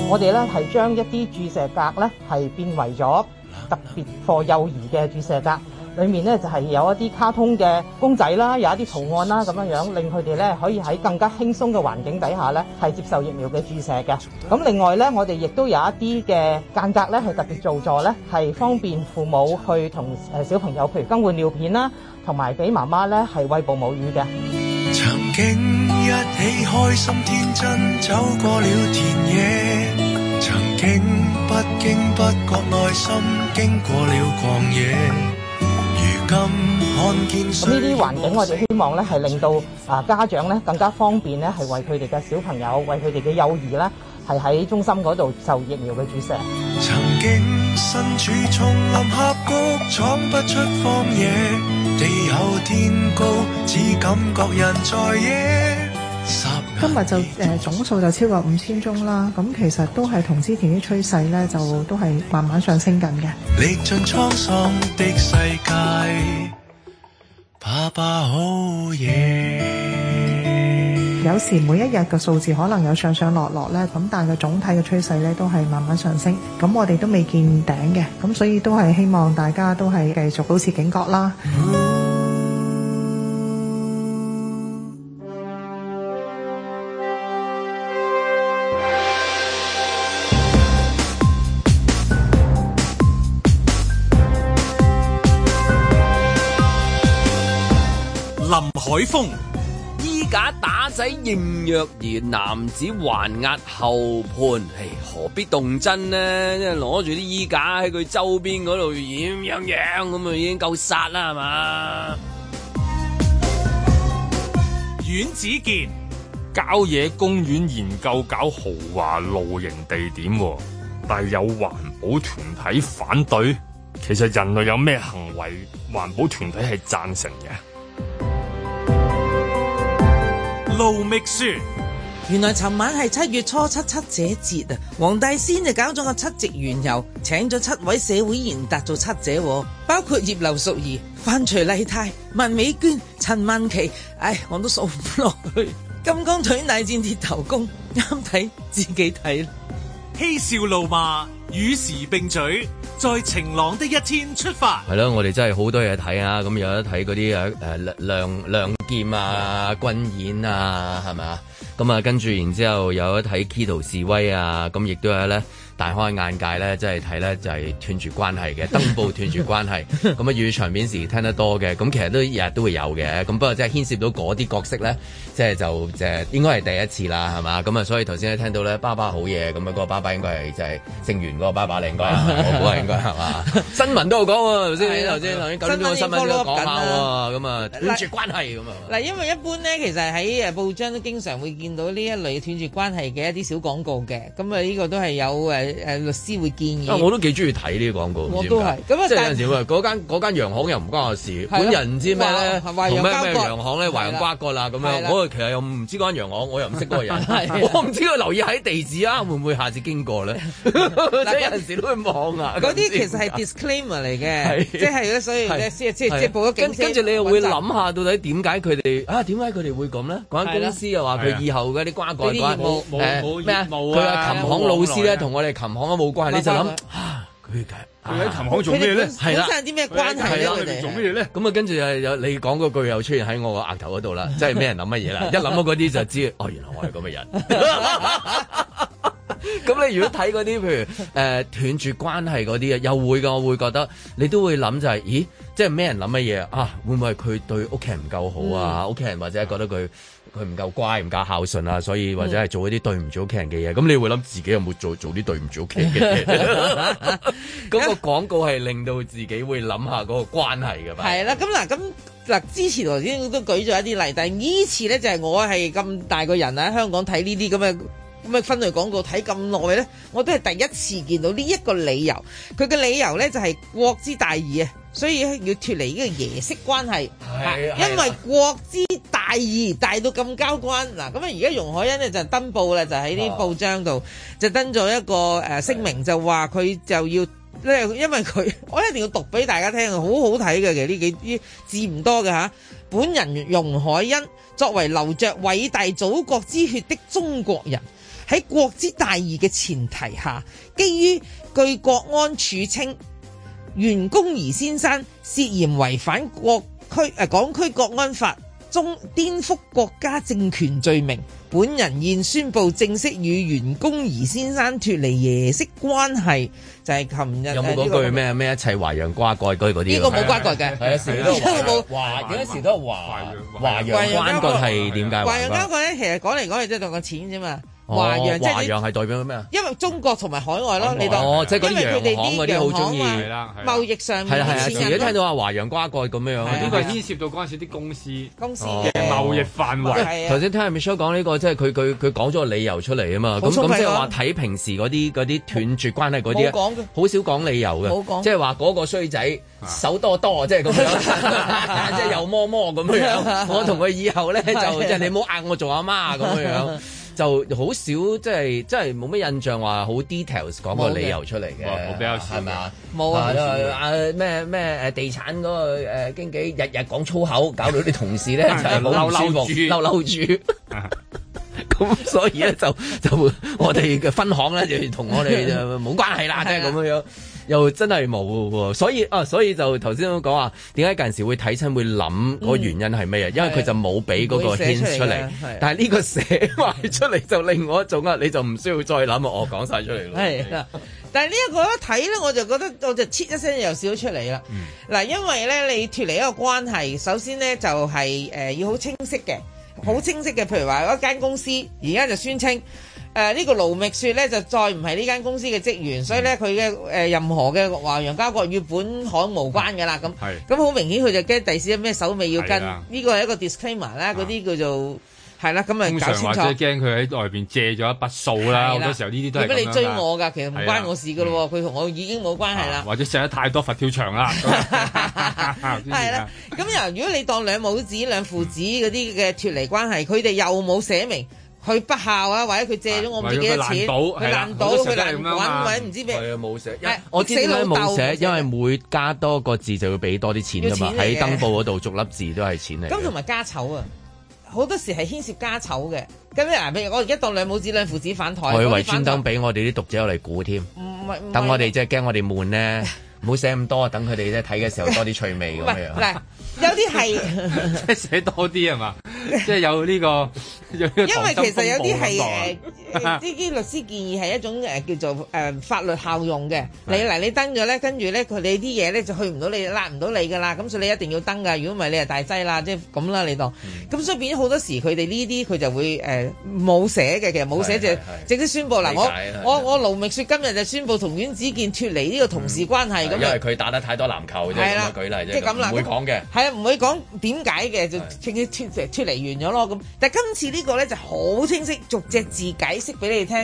我哋咧係將一啲注射格咧係變為咗特別課幼兒嘅注射格。裏面呢，就係有一啲卡通嘅公仔啦，有一啲圖案啦，咁樣樣令佢哋呢可以喺更加輕鬆嘅環境底下呢，係接受疫苗嘅注射嘅。咁另外呢，我哋亦都有一啲嘅間隔呢，係特別做作呢，係方便父母去同誒小朋友，譬如更換尿片啦，同埋俾媽媽呢，係餵哺母乳嘅。曾經一起開心天真，走過了田野。曾經不經不覺內心，經過了狂野。咁呢啲環境，我哋希望咧，係令到啊家長咧，更加方便咧，係為佢哋嘅小朋友、為佢哋嘅幼兒咧，係喺中心嗰度受疫苗嘅注射。曾經身處今日就誒、呃、總數就超過五千宗啦，咁其實都係同之前啲趨勢咧，就都係慢慢上升緊嘅。歷盡滄桑的世界，爸爸好嘢。有時每一日嘅數字可能有上上落落咧，咁但係個總體嘅趨勢咧都係慢慢上升，咁我哋都未見頂嘅，咁所以都係希望大家都係繼續保持警覺啦。嗯林海峰衣架打仔應若然男子還押后判，唉，何必動真呢？攞住啲衣架喺佢周邊嗰度，呃呃呃樣樣樣咁啊，已經夠殺啦，係嘛？阮子健郊野公園研究搞豪華露營地點，但係有環保團體反對。其實人類有咩行為，環保團體係贊成嘅。路覓樹，書原來尋晚係七月初七七姐節啊！黃大仙就搞咗個七夕緣遊，請咗七位社會賢達做七姐，包括葉劉淑儀、范徐麗泰、文美娟、陳曼琪，唉，我都數唔落去。金剛腿、大箭、鐵頭功，啱睇自己睇，嬉笑怒罵，與時並舉，在晴朗的一天出發。係咯，我哋真係好多嘢睇啊！咁有得睇嗰啲誒誒亮亮劍啊、軍演啊，係咪啊？咁啊，跟住然之後有得睇 Kato 示威啊，咁亦都係咧。大開眼界咧，即係睇咧就係、是就是、斷絕關係嘅，登報斷絕關係。咁啊，語場面時聽得多嘅，咁其實都日日都會有嘅。咁不過即係牽涉到嗰啲角色咧，即係就即、是、係應該係第一次啦，係嘛？咁啊，所以頭先咧聽到咧爸爸好嘢，咁啊嗰個爸爸應該係就係、是、姓元嗰個爸爸嚟，應該好好啊，應該係嘛？新聞都有講喎，啊，頭先頭先舊年個新聞都講喎，咁啊斷絕關係咁啊。嗱，因為一般咧其實喺報章都經常會見到呢一類斷絕關係嘅一啲小廣告嘅，咁啊呢個都係有律師會建議，我都幾中意睇呢啲廣告，唔知點解，即係有陣時話嗰間洋行又唔關我事，本人唔知咩咧，同咩咩洋行咧懷疑瓜葛啦咁樣。我其實又唔知嗰間洋行，我又唔識嗰個人，我唔知佢留意喺地址啊，會唔會下次經過咧？即係有陣時都會望啊。嗰啲其實係 disclaimer 嚟嘅，即係所以即係報咗幾跟住你會諗下到底點解佢哋啊？點解佢哋會咁咧？嗰間公司又話佢以後嘅啲瓜葛嘅咩佢阿琴行老師咧同我哋。琴行都冇關係，你就諗啊，佢喺、啊、琴行做咩咧？係啦，啲咩關係咧？做咩嚟咧？咁啊，跟住啊，有你講嗰句又出現喺我個額頭嗰度啦，即係咩人諗乜嘢啦？一諗到嗰啲就知， 哦，原來我係咁嘅人。咁 你如果睇嗰啲，譬如誒斷住關係嗰啲啊，又會噶，我會覺得你都會諗就係、是，咦，即係咩人諗乜嘢啊？會唔會係佢對屋企人唔夠好啊？屋企、嗯、人或者覺得佢。佢唔夠乖，唔夠孝順啊，所以或者係做一啲對唔住屋企人嘅嘢，咁你會諗自己有冇做做啲對唔住屋企人嘅嘢？嗰個廣告係令到自己會諗下嗰個關係㗎嘛？係啦，咁嗱，咁嗱，之前頭先都舉咗一啲例，但係呢次咧就係我係咁大個人喺香港睇呢啲咁嘅咁嘅分類廣告睇咁耐咧，我都係第一次見到呢一個理由。佢嘅理由咧就係國之大義。所以要脱離呢個野色關係，是因為國之大義 大到咁交關嗱。咁啊，而家容海恩呢就登報啦，就喺啲報章度就登咗一個誒聲明，就話佢就要，因為佢我一定要讀俾大家聽，好好睇嘅。其實呢幾字唔多嘅。本人容海恩作為流着偉大祖國之血的中國人，喺國之大義嘅前提下，基於據國安處稱。袁弓夷先生涉嫌違反國區誒港區國安法中顛覆國家政權罪名，本人現宣布正式與袁弓夷先生脫離爺仔關係。就係琴日有冇句咩咩一切華洋瓜葛句嗰啲？呢個冇瓜葛嘅，點解冇？華幾時都話華洋瓜葛係點解？華洋瓜葛咧，其實講嚟講去都係個錢啫嘛。華洋係代表咩？因為中國同埋海外咯，你當因為佢哋啲洋行嘛，貿易上面，而且聽到阿華洋瓜葛咁樣樣，呢個牽涉到嗰陣時啲公司公司嘅貿易範圍。頭先聽阿 Michelle 講呢個，即係佢佢佢講咗個理由出嚟啊嘛，咁咁即係話睇平時嗰啲嗰啲斷絕關係嗰啲，冇講，好少講理由嘅，冇講，即係話嗰個衰仔手多多，即係咁樣，即係有摸摸咁樣樣，我同佢以後咧就即係你唔好嗌我做阿媽咁樣樣。就好少即係即係冇咩印象話好 details 講個理由出嚟嘅，我比較係咪啊？冇啊！咩咩誒地產嗰個誒經紀日日講粗口，搞到啲同事咧就係冇舒服，嬲嬲住。咁所以咧就就我哋嘅分行咧就同我哋就冇關係啦，即係咁樣。又真係冇喎，所以啊，所以就頭先咁講啊，點解嗰陣時會睇親會諗嗰個原因係咩啊？嗯、因為佢就冇俾嗰個 hint 出嚟，出來的但係呢個寫埋出嚟就另外一種啊，的你就唔需要再諗我講晒出嚟咯。但係呢一個一睇咧，我就覺得我就切一聲又笑出嚟啦。嗱、嗯，因為咧你脫離一個關係，首先咧就係、是呃、要好清晰嘅，好清晰嘅，譬如話嗰間公司而家就宣稱。誒呢個盧覓雪咧就再唔係呢間公司嘅職員，所以咧佢嘅誒任何嘅華楊家國與本行無關㗎啦，咁咁好明顯佢就驚第時有咩手尾要跟，呢個係一個 disclaimer 啦，嗰啲叫做係啦，咁啊搞清楚，或者驚佢喺外面借咗一筆數啦，好多時候呢啲都係咁樣。如果你追我㗎，其實唔關我事㗎咯，佢同我已經冇關係啦，或者借得太多佛跳牆啦，係啦，咁又如果你當兩母子兩父子嗰啲嘅脱離關係，佢哋又冇寫明。佢不孝啊，或者佢借咗我幾多錢，佢爛賭，佢爛滾，唔知咩？係冇寫。我知都冇寫，因為每加多個字就要俾多啲錢啊嘛。喺登報嗰度逐粒字都係錢嚟。咁同埋家醜啊，好多時係牽涉家醜嘅。咁啊，譬如我而家當兩母子兩父子反台，佢為專登俾我哋啲讀者嚟估添。等我哋即係驚我哋悶咧，唔好寫咁多，等佢哋睇嘅時候多啲趣味咁樣。有啲係即係寫多啲係嘛，即係有呢個，因為其實有啲係誒呢啲律師建議係一種誒叫做誒法律效用嘅，你嚟你登咗咧，跟住咧佢你啲嘢咧就去唔到你，拉唔到你噶啦，咁所以你一定要登噶，如果唔係你係大劑啦，即係咁啦，你當，咁所以變咗好多時佢哋呢啲佢就會誒冇寫嘅，其實冇寫就直接宣布嗱，我我我盧覓雪今日就宣布同阮子健脫離呢個同事關係咁，因為佢打得太多籃球，即係舉例即咁唔會講嘅，唔會講點解嘅，就直接脱嚟脱離完咗咯。咁，但係今次呢個咧就好清晰，逐隻字解釋俾你聽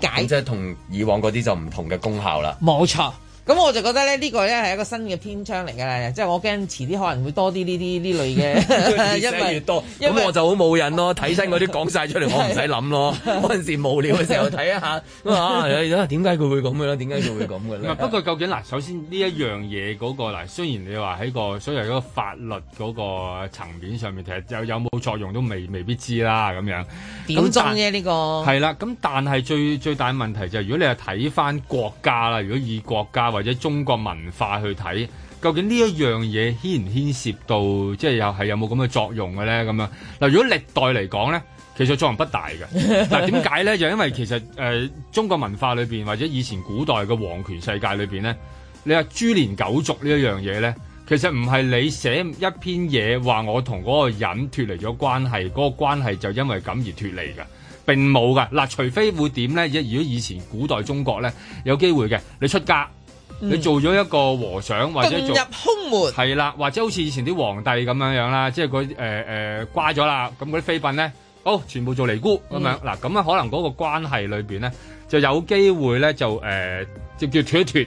點解，即係同以往嗰啲就唔同嘅功效啦。冇錯。咁我就覺得咧，呢個咧係一個新嘅天窗嚟㗎喇。即係我驚遲啲可能會多啲呢啲呢類嘅，因為咁我就好冇癮咯，睇新嗰啲講晒出嚟，我唔使諗咯。嗰陣時無聊嘅時候睇一下，嚇，點解佢會咁嘅囉？點解佢會咁嘅？不過究竟嗱，首先呢一樣嘢嗰個嗱，雖然你話喺個所謂嗰個法律嗰個層面上面，其實有有冇作用都未未必知啦，咁樣點裝啫呢個係啦。咁但係最最大問題就係如果你係睇翻國家啦，如果以國家為或者中國文化去睇，究竟呢一樣嘢牽唔牽涉到，即係又係有冇咁嘅作用嘅咧？咁樣，嗱，如果歷代嚟講咧，其實作用不大嘅。嗱，點解咧？就因為其實誒、呃、中國文化裏邊或者以前古代嘅皇權世界裏邊咧，你話株連九族這呢一樣嘢咧，其實唔係你寫一篇嘢話我同嗰個人脱離咗關係，嗰、那個關係就因為咁而脱離嘅，並冇噶。嗱、啊，除非會點咧？如果以前古代中國咧，有機會嘅，你出家。你做咗一個和尚，或者做入空門係啦，或者好似以前啲皇帝咁樣樣啦，即係佢誒誒瓜咗啦，咁嗰啲妃嬪咧，好、哦、全部做尼姑咁、嗯、樣，嗱咁啊可能嗰個關係裏邊咧，就有機會咧就誒、呃、就叫脱一脱。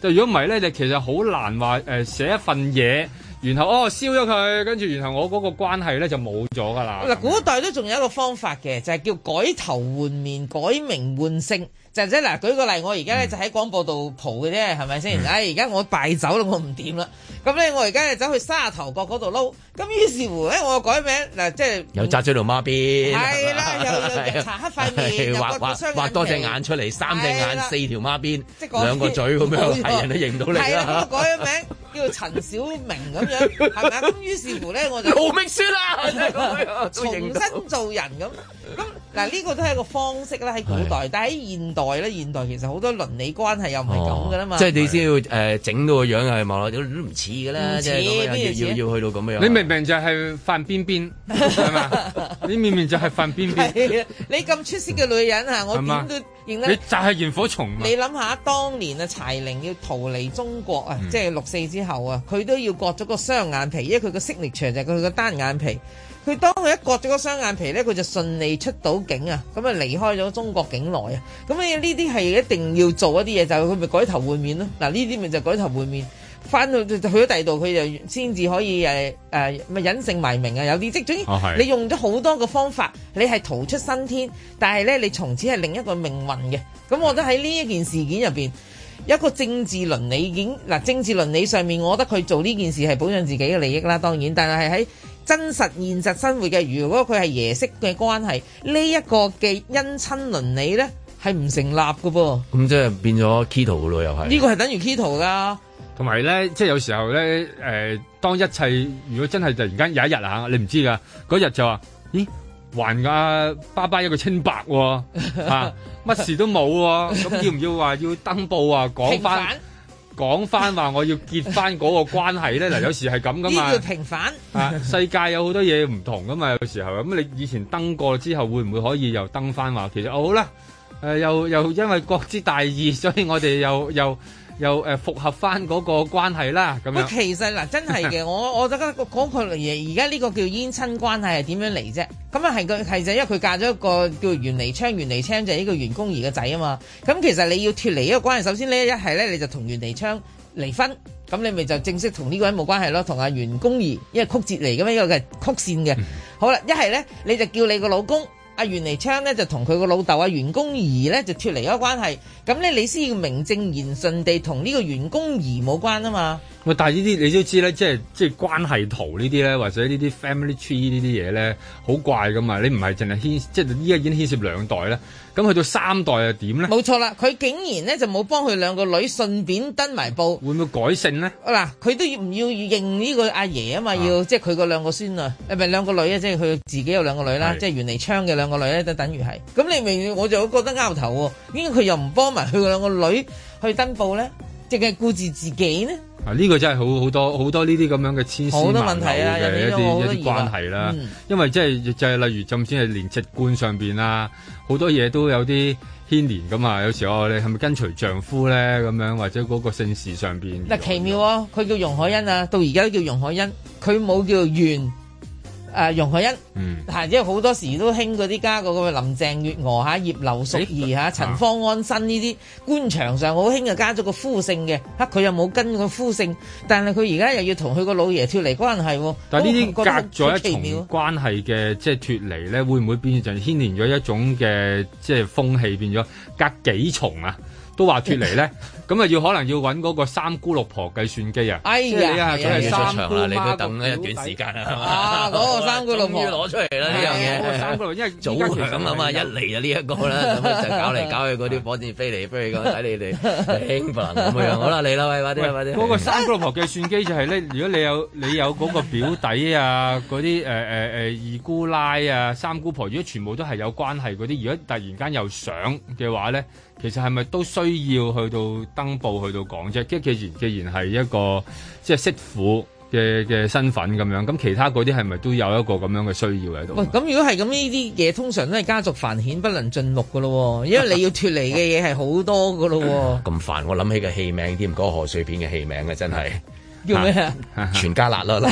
就如果唔係咧，你其實好難話誒、呃、寫一份嘢，然後哦燒咗佢，跟住然後我嗰個關係咧就冇咗噶啦。嗱，古，古代都仲有一個方法嘅，就係、是、叫改頭換面、改名換姓。仔仔嗱，舉個例，我而家咧就喺廣播度蒲嘅啫，係咪先？唉，而、哎、家我敗走啦，我唔掂啦。咁咧，我而家就走去沙頭角嗰度撈。咁於是乎，咧我改名嗱，即係又紮咗條孖辮，係啦，又有搽黑塊面，畫畫多隻眼出嚟，三隻眼，了四條孖辮，即係、那個、兩個嘴咁樣，係 了人都認到你啦。係啦，我改咗名。 叫陳小明咁樣係咪啊？於是乎咧，我就無名説啦，重新做人咁。咁嗱，呢個都係一個方式啦，喺古代。但喺現代咧，現代其實好多倫理關係又唔係咁噶啦嘛。即係你先要誒整到個樣係嘛？你都唔似噶啦，即係要要去到咁嘅樣。你明明就係范冰冰係嘛？你明明就係范冰冰。你咁出色嘅女人嚇，我點都認得。你就係螢火蟲嘛？你諗下，當年啊，柴玲要逃離中國啊，即係六四之後啊，佢都要割咗個雙眼皮，因為佢個視力長就係佢個單眼皮。佢當佢一割咗個雙眼皮呢，佢就順利出到境啊，咁啊離開咗中國境內啊。咁啊呢啲係一定要做一啲嘢，就佢、是、咪改頭換面咯。嗱呢啲咪就改頭換面，翻去去咗第二度，佢就先至可以誒誒咪隱姓埋名啊。有啲即係你用咗好多嘅方法，你係逃出生天，但係呢，你從此係另一個命運嘅。咁我覺得喺呢一件事件入邊。一個政治倫理已經嗱，政治倫理上面，我覺得佢做呢件事係保障自己嘅利益啦。當然，但係喺真實現實生活嘅，如果佢係夜色嘅關係，呢一個嘅姻親倫理咧係唔成立嘅噃。咁即係變咗 keto 咯，又係呢個係等於 keto 啦。同埋咧，即係有時候咧，誒、呃，當一切如果真係突然間有一日啊，嚇你唔知噶嗰日就話咦？還啊爸爸一個清白喎，嚇乜事都冇喎，咁要唔要話要登報啊？講翻講翻話我要結翻嗰個關係咧，嗱，有時係咁噶嘛。呢叫平反啊！世界有好多嘢唔同噶嘛，有時候咁你以前登過之後，會唔會可以又登翻話其實哦好啦，誒又又因為國之大義，所以我哋又又。又誒複、呃、合翻嗰個關係啦，咁樣其實嗱、啊，真係嘅，我我覺得講佢而而家呢個叫姻親關係係點樣嚟啫？咁啊係佢，係就因為佢嫁咗一個叫袁離昌，袁離昌就係呢個袁公儀嘅仔啊嘛。咁其實你要脫離呢個關係，首先一呢一係咧你就同袁離昌離婚，咁你咪就正式同呢個人冇關係咯。同阿袁公儀，因為曲折嚟嘅樣呢個嘅曲線嘅。嗯、好啦，一係咧你就叫你個老公。阿袁妮昌咧就同佢個老豆阿袁公儀咧就脱離咗關係，咁咧你先要名正言順地同呢個袁公儀冇關啊嘛。喂，但係呢啲你都知咧，即係即係關係圖呢啲咧，或者呢啲 family tree 呢啲嘢咧，好怪噶嘛，你唔係淨係牽，即係依家已經牽涉兩代咧。咁去到三代又點咧？冇錯啦，佢竟然咧就冇幫佢兩個女順便登埋報，會唔會改姓咧？嗱，佢都要唔要認呢個阿爺啊嘛？啊要即係佢個兩個孫啊，係咪兩個女啊？即係佢自己有兩個女啦，是即係袁彌昌嘅兩個女咧，都等於係。咁你明，明我就覺得拗頭喎，點解佢又唔幫埋佢兩個女去登報咧？淨係顧住自己呢？啊！呢、這個真係好好多好多呢啲咁樣嘅千絲萬縷好多嘅、啊、一啲一啲關係啦，嗯、因為即係就係、是就是、例如甚至係連籍貫上面啦，好多嘢都有啲牽連咁啊！有時我哋係咪跟隨丈夫咧咁樣，或者嗰個姓氏上面，嗱，奇妙喎、哦，佢叫容海恩啊，到而家都叫容海恩，佢冇叫袁。誒、啊、容海恩，嚇、嗯，因為好多時都興嗰啲加個咁林鄭月娥嚇、葉劉淑儀嚇、陳咦方安生呢啲官場上好興嘅加咗個夫姓嘅。嚇，佢又冇跟個夫姓，但係佢而家又要同佢個老爺脫離人、哦、關係喎。但係呢啲隔咗一重關係嘅，即係脫離咧，會唔會變成牽連咗一種嘅即係風氣變咗，隔幾重啊，都話脫離咧？ 咁啊，要可能要揾嗰個三姑六婆計算機啊！哎呀，真係你都等咗一段時間啊！啊，嗰個三姑六婆，啊啊嗰個三姑六婆要攞出嚟啦！呢樣嘢，三姑六婆因為早咁啊一嚟就呢一個啦，咁就搞嚟搞去嗰啲火箭飛嚟飛去個，睇你哋興奮咁樣好啦，你啦，喂，揾啲，揾啲。嗰個三姑六婆計算機就係咧，如果你有你有嗰個表弟啊，嗰啲誒誒誒二姑奶啊，三姑婆，如果全部都係有關係嗰啲，如果突然間又想嘅話咧。其實係咪都需要去到登報去到講啫？即既然既然係一個即係媳婦嘅嘅身份咁樣，咁其他嗰啲係咪都有一個咁樣嘅需要喺度？喂，咁如果係咁，呢啲嘢通常都係家族繁衍不能進木嘅咯，因為你要脫離嘅嘢係好多嘅咯。咁 煩，我諗起個戲名添，嗰、嗰個賀歲片嘅戲名啊，真係叫咩啊？ 全家辣咯！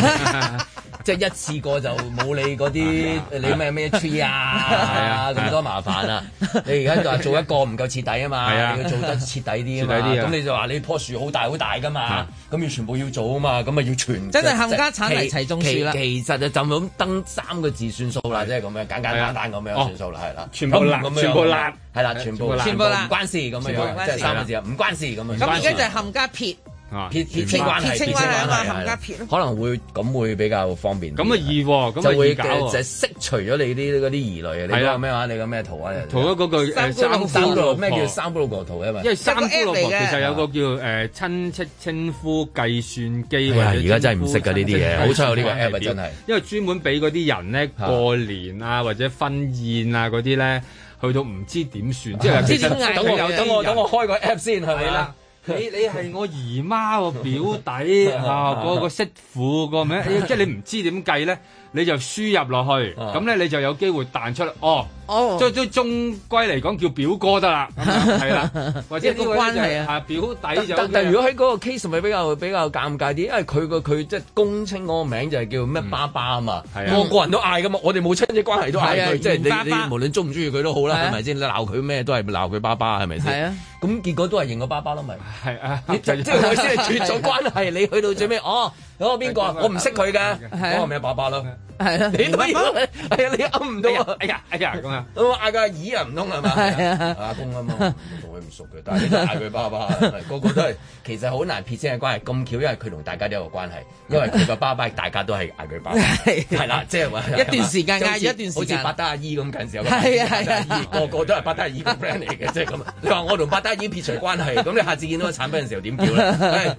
即係一次過就冇你嗰啲你咩咩 tree 啊，係啊，咁多麻煩啊！你而家就話做一個唔夠徹底啊嘛，你要做得徹底啲啊嘛。啲咁你就話你樖樹好大好大㗎嘛，咁要全部要做啊嘛，咁啊要全真係冚家鏟嚟齊種樹啦。其實就就咁登三個字算數啦，即係咁樣簡簡單單咁樣算數啦，係啦。全部爛，全部爛，係啦，全部爛，全部唔關事咁樣，即係三個字啊，唔關事咁啊。咁而家就係冚家撇。撇撇清關係，撇撇可能會咁會比較方便。咁啊易喎，就會就係除咗你啲嗰啲疑慮啊！你個咩話？你個咩圖啊？圖咗嗰句誒三姑六婆咩叫三姑六婆圖啊嘛？因為三姑六婆其實有個叫誒親戚稱呼計算機，而家真係唔識㗎呢啲嘢，好彩有呢個 app 真係。因為專門俾嗰啲人咧過年啊或者婚宴啊嗰啲咧，去到唔知點算，即係等等我等我開個 app 先係咪啦？你你係我姨媽個表弟啊，嗰個媳婦個名，即係你唔知點計咧，你就輸入落去，咁咧你就有機會彈出嚟。哦，即係即係中歸嚟講叫表哥得啦，係啦，或者呢個關係啊，表弟就。但係如果喺嗰個 case 咪比較比較尷尬啲，因為佢個佢即係公稱嗰個名就係叫咩爸爸啊嘛，個個人都嗌噶嘛，我哋冇親戚關係都嗌佢，即係你你無論中唔中意佢都好啦，係咪先，你鬧佢咩都係鬧佢爸爸係咪先？係啊。咁結果都係認個爸爸咯，咪係啊？你即係佢先係斷咗關係。 啊、你去到最尾，哦，嗰個邊個？啊、我唔識佢嘅，嗰個名係爸爸咯。係啦，你係啊，你噏唔到啊，哎呀，哎呀，咁啊，我嗌個阿姨啊唔通係嘛？阿公啊嘛，同佢唔熟嘅，但係你嗌佢爸爸，個個都係，其實好難撇清嘅關係。咁巧，因為佢同大家都有個關係，因為佢個爸爸大家都係嗌佢爸爸，係啦，即係話一段時間嗌，一段時間好似八德阿姨咁近，時候係啊係啊，個個都係八德阿姨個 friend 嚟嘅，即係咁啊，你話我同八德阿姨撇除關係，咁你下次見到個產品嘅時候點叫咧？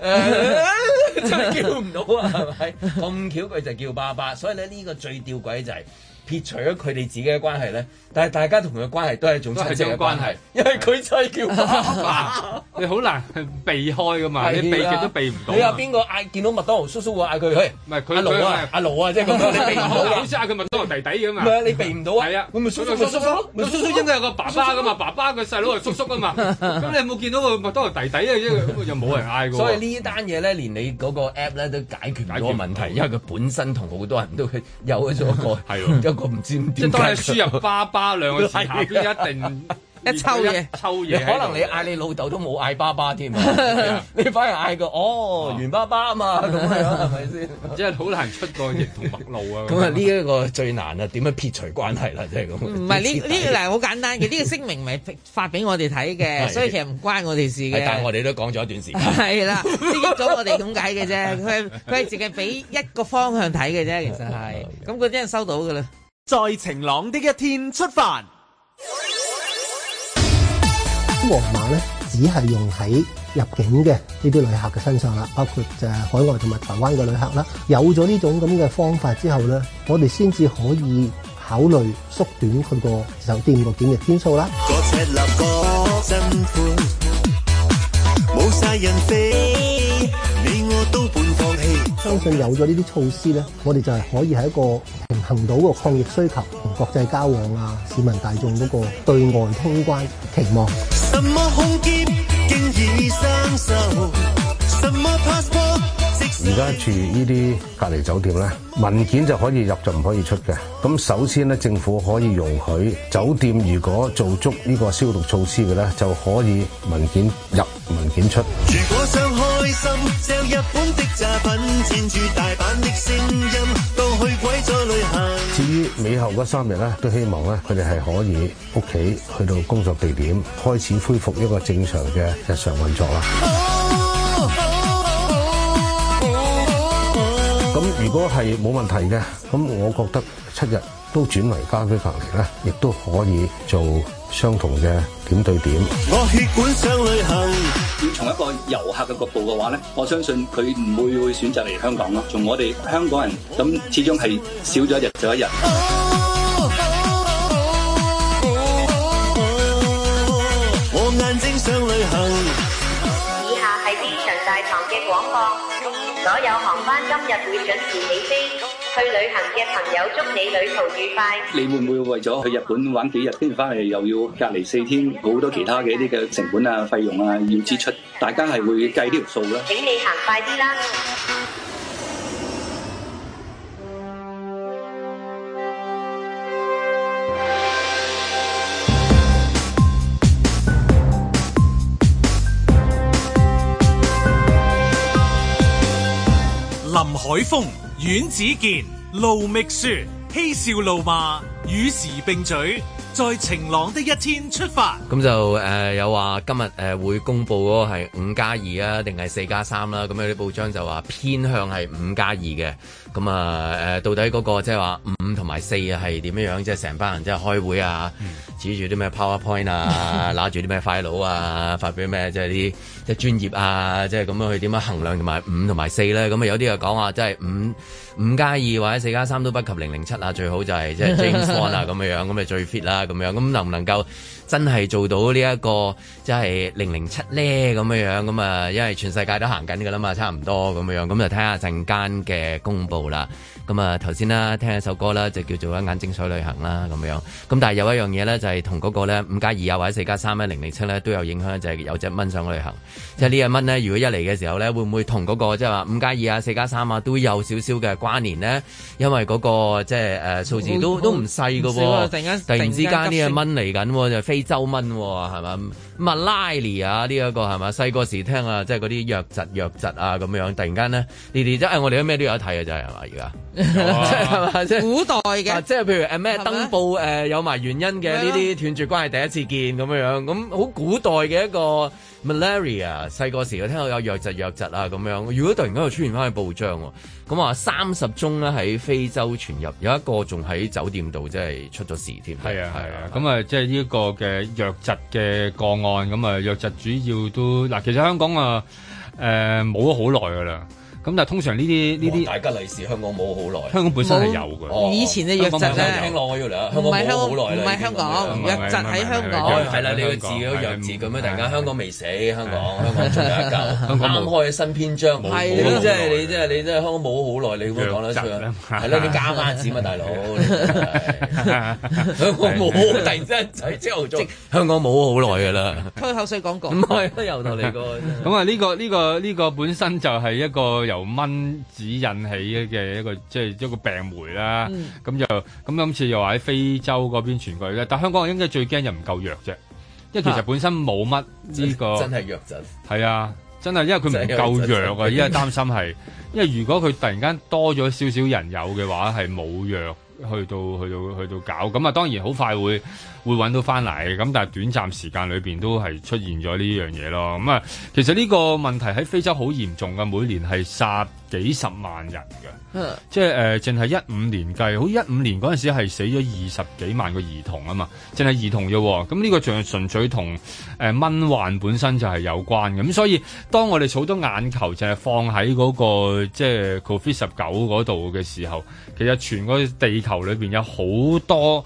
真係叫唔到啊，係咪咁巧佢就叫爸爸，所以咧呢個最吊詭就係。撇除咗佢哋自己嘅關係咧，但係大家同佢嘅關係都係一種親戚嘅關係，因為佢就係叫爸爸，你好難避開㗎嘛，你避極都避唔到。你有邊個嗌見到麥當勞叔叔會嗌佢？唔係佢佢話阿盧啊，即係咁，你避唔到嘅。好似嗌佢麥當勞弟弟咁啊？你避唔到啊？係啊，咁咪叔叔叔叔，叔叔應該有個爸爸㗎嘛？爸爸嘅細佬係叔叔㗎嘛？咁你有冇見到個麥當勞弟弟啊？即係咁，又冇人嗌過。所以呢單嘢咧，連你嗰個 app 咧都解決唔到問題，因為佢本身同好多人都有咗個係。唔知點？即係當你輸入爸爸兩個字，下邊一定一抽嘢，抽嘢。可能你嗌你老豆都冇嗌爸爸添，你反而嗌個哦原爸爸啊嘛，咁樣係咪先？即係好難出個形同陌路啊！咁啊，呢一個最難啊，點樣撇除關係啦？即係咁。唔係呢呢個係好簡單嘅，呢個聲明咪發俾我哋睇嘅，所以其實唔關我哋事嘅。但係我哋都講咗一段時間。係啦，啲咁我哋咁解嘅啫，佢佢係直接俾一個方向睇嘅啫，其實係。咁嗰啲人收到嘅啦。在晴朗的一天出發。皇馬咧只係用喺入境嘅呢啲旅客嘅身上啦，包括就係海外同埋台灣嘅旅客啦。有咗呢種咁嘅方法之後咧，我哋先至可以考慮縮短佢個酒店個入境天數啦。相信有咗呢啲措施咧，我哋就係可以喺一個平衡到個抗疫需求同國際交往啊，市民大眾嗰個對外通關期望。什麼而家住呢啲隔離酒店呢，文件就可以入就唔可以出嘅。咁首先呢，政府可以容許酒店如果做足呢個消毒措施嘅呢，就可以文件入文件出。至於尾後嗰三日呢，都希望呢，佢哋係可以屋企去到工作地點，開始恢復一個正常嘅日常運作啦。Oh! 咁如果係冇問題嘅，咁我覺得七日都轉為家居隔離咧，亦都可以做相同嘅點對點。我血管想旅行。要從一個遊客嘅角度嘅話咧，我相信佢唔會會選擇嚟香港咯。從我哋香港人咁始終係少咗一日就一日。我眼睛想旅行。以下係機場大堂嘅廣播，所有行。日會準時起飛，去旅行嘅朋友祝你旅途愉快。你會唔會為咗去日本玩幾日，跟住翻嚟又要隔離四天，好多其他嘅一啲嘅成本啊、費用啊要支出？大家係會計呢條數啦。請你行快啲啦！海峰、阮子健、盧覓雪，嬉笑怒罵與時並舉，在晴朗的一天出發。咁就誒、呃、有話今日誒會公布嗰個係五加二啦，定係四加三啦。咁有啲報章就話偏向係五加二嘅。咁啊、嗯，到底嗰、那個即係話五同埋四係點樣？即係成班人即係開會啊，指、嗯、住啲咩 PowerPoint 啊，拿住啲咩 file 啊，發表咩即係啲即係專業啊，即係咁樣去點樣衡量同埋五同埋四咧？咁啊有啲、嗯、就講話即係五五加二或者四加三都不及零零七啊，最好就係即係 James Bond 啊咁樣樣，咁咪最 fit 啦、啊、咁樣，咁能唔能夠？真係做到呢、這、一個即係零零七呢，咁樣樣咁啊，因為全世界都行緊㗎啦嘛，差唔多咁樣咁就睇下陣間嘅公佈啦。咁啊，頭先啦，聽一首歌啦，就叫做《眼睛水旅行》啦，咁樣。咁但係有一樣嘢咧，就係同嗰個咧五加二啊或者四加三咧零零七咧都有影響，就係、是、有隻蚊上去旅行。嗯、即係呢隻蚊咧，如果一嚟嘅時候咧，會唔會同嗰、那個即係話五加二啊、四加三啊都有少少嘅關聯呢？因為嗰、那個即係誒數字都都唔細㗎喎。突然，間突然之間呢隻蚊嚟緊，就係、非洲蚊喎，係咪？咁、這個就是、啊，拉尼啊，呢一個係嘛？細個時聽啊，即係嗰啲弱疾弱疾啊，咁樣。突然間咧，你哋即、哎、我哋都咩都有得、啊、睇、就是、啊，就係係嘛而家，即係係嘛即係古代嘅，即係譬如誒咩登報誒嗎、呃、有埋原因嘅呢啲斷絕關係第一次見咁樣、啊、樣，咁好古代嘅一個。Malaria，細個時我聽到有瘧疾，瘧疾啊咁樣，如果突然間又出現翻去報章喎，咁話三十宗咧喺非洲傳入，有一個仲喺酒店度即係出咗事添。係啊係啊，咁啊即係呢一個嘅瘧疾嘅個案，咁啊瘧疾主要都嗱，其實香港啊冇咗好耐㗎啦。呃咁但係通常呢啲呢啲大吉利是香港冇好耐。香港本身係有嘅。以前嘅弱勢咧，香港冇好耐啦。唔係香港，弱勢喺香港。係啦，你個字都弱字咁樣突然間香港未死，香港香港仲有一間，啱開新篇章。係咯，即係你即係你即係香港冇好耐，你咁樣講得出？係咯，你加翻錢嘛，大佬。香港冇，突然之間香港冇好耐㗎啦。吹口水廣告。唔係都由頭嚟過。咁啊，呢個呢個呢個本身就係一個。由蚊子引起嘅一個即係、就是、一個病媒啦，咁、嗯、就咁今次又話喺非洲嗰邊傳過去咧。但香港我應該最驚又唔夠藥啫，因為其實本身冇乜呢個真係藥陣，係啊，真係、啊、因為佢唔夠藥啊，依家擔心係，因為如果佢突然間多咗少少人有嘅話，係冇藥。去到去到去到搞，咁啊當然好快會會揾到翻嚟，咁但係短暫時間裏邊都係出現咗呢樣嘢咯。咁啊，其實呢個問題喺非洲好嚴重嘅，每年係殺幾十萬人嘅。即係誒，淨、呃、係一五年計，好似一五年嗰陣時係死咗二十幾萬個兒童啊嘛，淨係兒童啫喎，咁呢個仲係純粹同誒、呃、蚊患本身就係有關嘅，咁所以當我哋好多眼球就係放喺嗰、嗰個即係 COVID 十九嗰度嘅時候，其實全個地球裏邊有好多。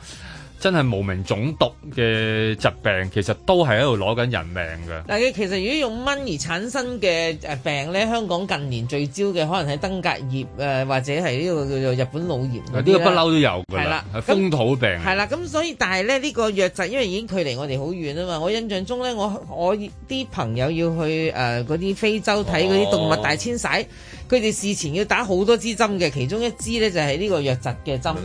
真係無名腫毒嘅疾病，其實都係喺度攞緊人命㗎。但係其實如果用蚊而產生嘅病咧，香港近年聚焦嘅可能係登革熱或者係呢個叫做日本腦炎。呢個不嬲都有㗎啦。係啦了，風土病。係啦，咁所以但係咧，呢個瘧疾因為已經距離我哋好遠啊嘛。我印象中咧，我我啲朋友要去嗰啲、呃、非洲睇嗰啲動物大遷徙。哦佢哋事前要打好多支針嘅，其中一支咧就係、是、呢個瘧疾嘅針，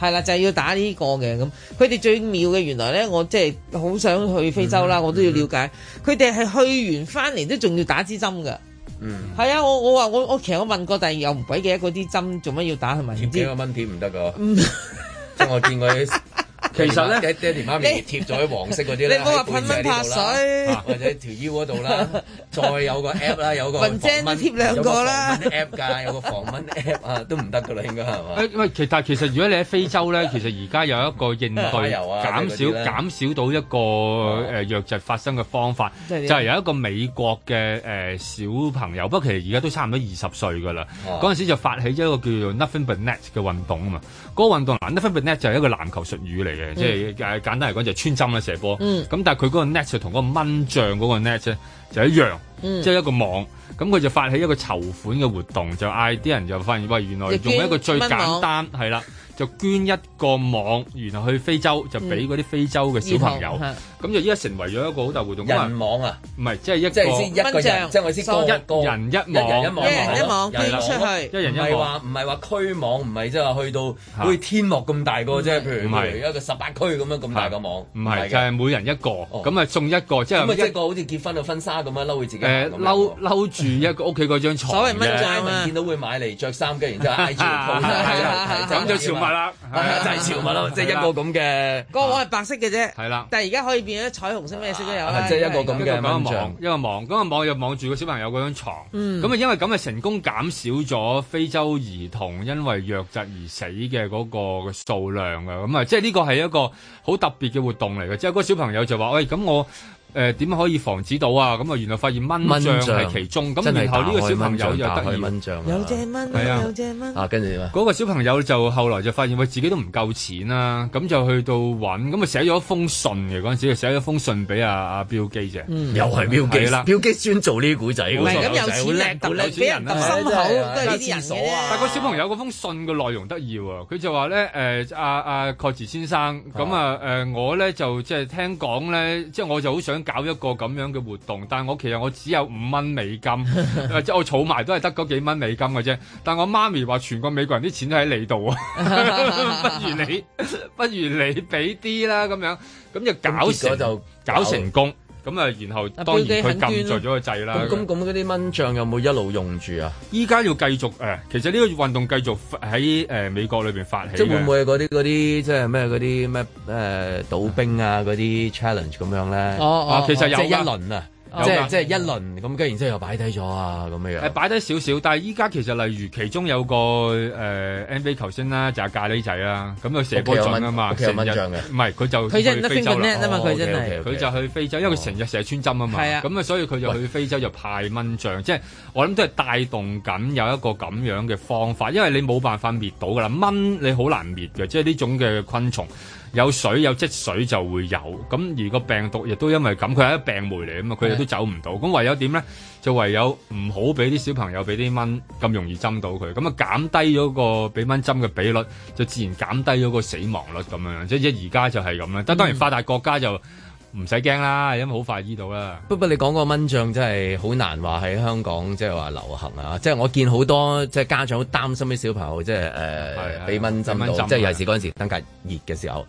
係啦 aria，就係、是、要打呢個嘅。咁佢哋最妙嘅原來咧，我即係好想去非洲啦，mm hmm. 我都要了解。佢哋係去完翻嚟都仲要打支針嘅，嗯、mm，係、hmm. 啊，我我話我我其實我問過，第二又唔鬼記得，嗰啲針做乜要打係咪？接幾個蚊片唔得噶，即係我見過啲。其實咧，爹爹哋媽咪貼咗喺黃色嗰啲啦，或者條腰嗰度啦，再有個 App 啦，有個防蚊貼兩個啦。App 架有個防蚊 App 啊，都唔得噶啦，應該係嘛？誒喂，但係其實如果你喺非洲咧，其實而家有一個應對減少減少到一個誒瘧疾發生嘅方法，就係有一個美國嘅誒小朋友，不過其實而家都差唔多二十歲噶啦。嗰陣時就發起咗一個叫做 Nothing but Net 嘅運動啊嘛。嗰個運動啊，Nothing but Net 就係一個籃球術語嚟嘅。即係、嗯、簡單嚟講就係穿針咧射波，嗯，咁但係佢嗰個 net 就同個蚊帳嗰個 net 咧就一樣，嗯、即係一個網，咁佢就發起一個籌款嘅活動，就嗌啲人就發現，喂，原來用一個最簡單係啦。了 就捐一個網，然後去非洲就俾嗰啲非洲嘅小朋友，咁就依家成為咗一個好大活動。人網啊，唔係即係一個一個人，即係我先個一個人一網，一人一網捐出去，一人一個。唔係話唔係話區網，唔係即係話去到好似天幕咁大個啫，譬如一個十八區咁樣咁大個網，唔係就係每人一個，咁啊送一個，即係一個好似結婚嘅婚紗咁樣，摟佢自己誒摟摟住一個屋企嗰張牀。所謂蚊帳啊嘛，見到會買嚟著衫嘅，然之後捱住鋪。係啊，講咗。係啦、啊啊，就係、是、潮物咯，即係、啊啊、一個咁嘅。嗯啊、個我係白色嘅啫，係啦、啊。但係而家可以變咗彩虹色，咩色都有啦。即係一個咁嘅個網，一個網，嗰個網又望住個，個,個小朋友嗰張牀。咁啊、嗯，因為咁啊，成功減少咗非洲兒童因為瘧疾而死嘅嗰個數量噶。咁、嗯、啊，即係呢個係一個好特別嘅活動嚟嘅。即、就、係、是、個小朋友就話：，喂，咁我。誒點可以防止到啊？咁啊，原來發現蚊帳係其中，咁然後呢個小朋友又得意，有隻蚊，有隻蚊。啊，跟住嗰個小朋友就後來就發現佢自己都唔夠錢啦，咁就去到揾，咁啊寫咗封信嘅嗰陣時，寫咗封信俾阿阿標記啫。又係標記啦，標記專做呢啲古仔。咁有錢叻，特叻，人，特心口都係呢啲人嘅。但個小朋友嗰封信嘅內容得意喎，佢就話咧誒阿阿蓋茨先生，咁啊誒我咧就即係聽講咧，即係我就好想。搞一個咁樣嘅活動，但我其實我只有五蚊美金， 即我儲埋都係得嗰幾蚊美金嘅啫。但我媽咪話，全國美國人啲錢都喺你度啊 不如你不如你俾啲啦，咁樣咁就搞成就搞成功。咁啊，然後當然佢㩒住咗個掣啦。咁咁嗰啲蚊帳有冇一路用住啊？依家、啊、要繼續、呃、其實呢個運動繼續喺、呃、美國裏面發起會會。即係會唔會嗰啲嗰啲即係咩嗰啲咩倒冰啊嗰啲 challenge 咁樣咧、哦？哦哦、啊，其實有一輪啊！即係即係一輪咁，跟然之後又擺低咗啊！咁樣誒，擺低少少，但係依家其實例如其中有個誒 NBA 球星啦，就係咖喱仔啦，咁佢射波準啊嘛，其實蚊帳嘅，唔係佢就佢真係叻啊嘛，佢真係佢就去非洲，因為佢成日成日穿針啊嘛，咁啊，所以佢就去非洲就派蚊帳，即係我諗都係帶動緊有一個咁樣嘅方法，因為你冇辦法滅到㗎啦，蚊你好難滅嘅，即係呢種嘅昆蟲。有水有積水就會有，咁而個病毒亦都因為咁，佢係一病媒嚟，咁佢哋都走唔到，咁是的 唯有點咧？就唯有唔好俾啲小朋友俾啲蚊咁容易針到佢，咁啊減低咗個俾蚊針嘅比率，就自然減低咗個死亡率咁樣，即而家就係咁樣，但當然發達國家就。唔使驚啦，因為好快醫到啦。不過你講個蚊帳真係好難話喺香港即係話流行啊！即係我見好多即係家長好擔心啲小朋友，即係誒俾蚊針到，浸即係尤其是嗰陣時登革熱嘅時候。的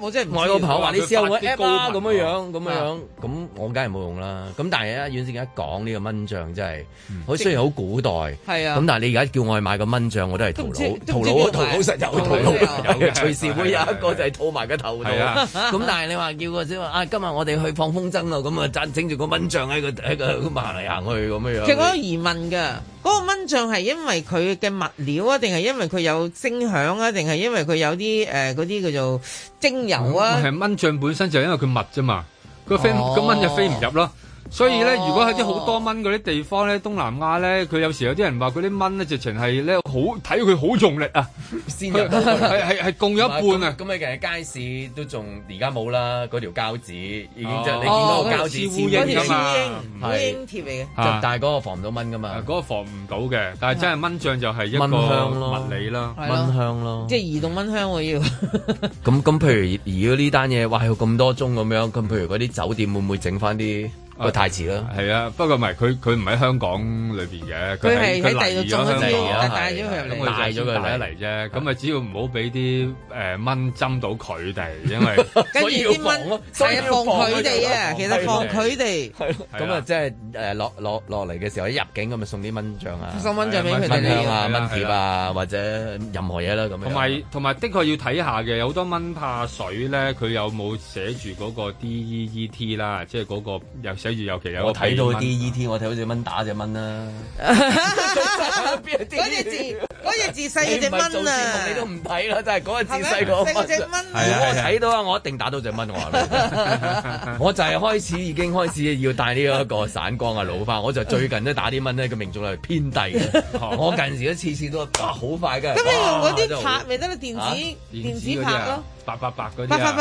我個朋友話：你試下個 app 啦，咁樣樣，咁樣樣，咁我梗係冇用啦。咁但係一阮先一講呢個蚊帳真係，佢雖然好古代，咁但係你而家叫我去買個蚊帳，我都係徒佬，徒佬，徒佬實有屠佬，隨時會有一個就係套埋個頭。咁但係你話叫個即係啊，今日我哋去放風箏咯，咁啊整整住個蚊帳喺個喺個咁行嚟行去咁樣樣。其實我有疑問㗎。嗰個蚊帳係因為佢嘅物料啊，定係因為佢有聲響啊，定係因為佢有啲誒嗰啲叫做精油啊？係蚊帳本身就係因為佢密啫嘛，佢飛咁、哦、蚊就飛唔入咯。所以咧，如果喺啲好多蚊嗰啲地方咧，東南亞咧，佢有時有啲人話嗰啲蚊咧，直情係咧好睇佢好用力啊，係係係共一半啊！咁你其實街市都仲而家冇啦，嗰條膠紙已經就、哦、你見到個膠紙烏蠅咁啊，係烏蠅貼嚟嘅，但係嗰個防唔到蚊噶嘛，嗰個防唔到嘅，但係真係蚊帳就係一蚊個物理啦，蚊香咯，即係移動蚊香我要。咁 咁譬如移咗呢單嘢哇要咁多鐘咁樣，咁譬如嗰啲酒店會唔會整翻啲？個太遲咯，係啊，不過唔係佢佢唔喺香港裏邊嘅，佢係喺第二個中香港，帶咗佢嚟一嚟啫。咁啊，只要唔好俾啲誒蚊針到佢哋，因為跟住啲蚊，所以防佢哋啊。其實放佢哋，咁啊，即係誒落落落嚟嘅時候一入境咁咪送啲蚊帳啊，送蚊香啊，蚊貼啊，或者任何嘢啦咁樣。同埋同埋，的確要睇下嘅，有好多蚊怕水咧，佢有冇寫住嗰個 D E E T 啦，即係嗰個有。跟住尤其有我睇到啲 E T，我睇到隻蚊打隻蚊啦。嗰隻字，嗰、嗰隻、字細你隻蚊啊你！你都唔睇啦，真係嗰隻字細隻蚊，啊。我睇到啊，我一定打到隻蚊我話。我就係開始已經開始要帶呢一個散光啊，老花。我就最近都打啲蚊咧，個命中率偏低的。我近時都次次都哇好快㗎。咁你用嗰啲拍，咪得啦，電子電子拍咯。八八八嗰啲啊，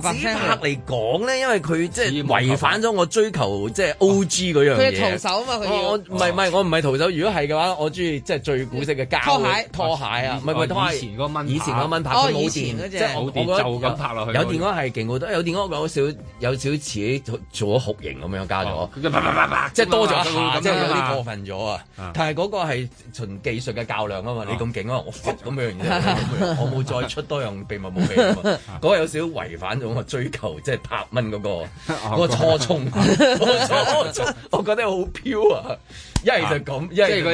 拍嚟講咧，因為佢即係違反咗我追求即係 O.G. 嗰樣嘢。佢徒手啊嘛，佢唔係唔係我唔係徒手。如果係嘅話，我中意即係最古式嘅膠拖鞋拖鞋啊！唔係唔係，以前嗰蚊以前嗰蚊拍冇電，即係我覺得拍落去有電光係勁好多，有電光有少有少似做咗酷刑咁樣加咗。啪啪啪即係多咗，即係有啲過分咗啊！但係嗰個係從技術嘅較量啊嘛，你咁勁啊，我咁樣我冇再出多樣秘密武器。嗰個有少少違反咗我追求，即係拍蚊嗰個嗰個初衷，冇錯，我覺得好飄啊！一係就咁，一係你應該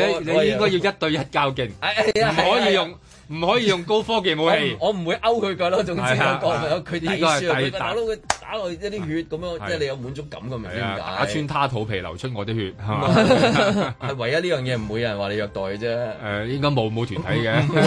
要一對一較勁，唔可以用。唔可以用高科技武器，我唔會勾佢噶咯。總之，我講埋佢哋意思，打到佢打落一啲血咁樣，即係你有滿足感咁樣點解？打穿他肚皮流出我啲血係唯一呢樣嘢唔會有人話你虐待啫。誒，應該冇冇團體嘅。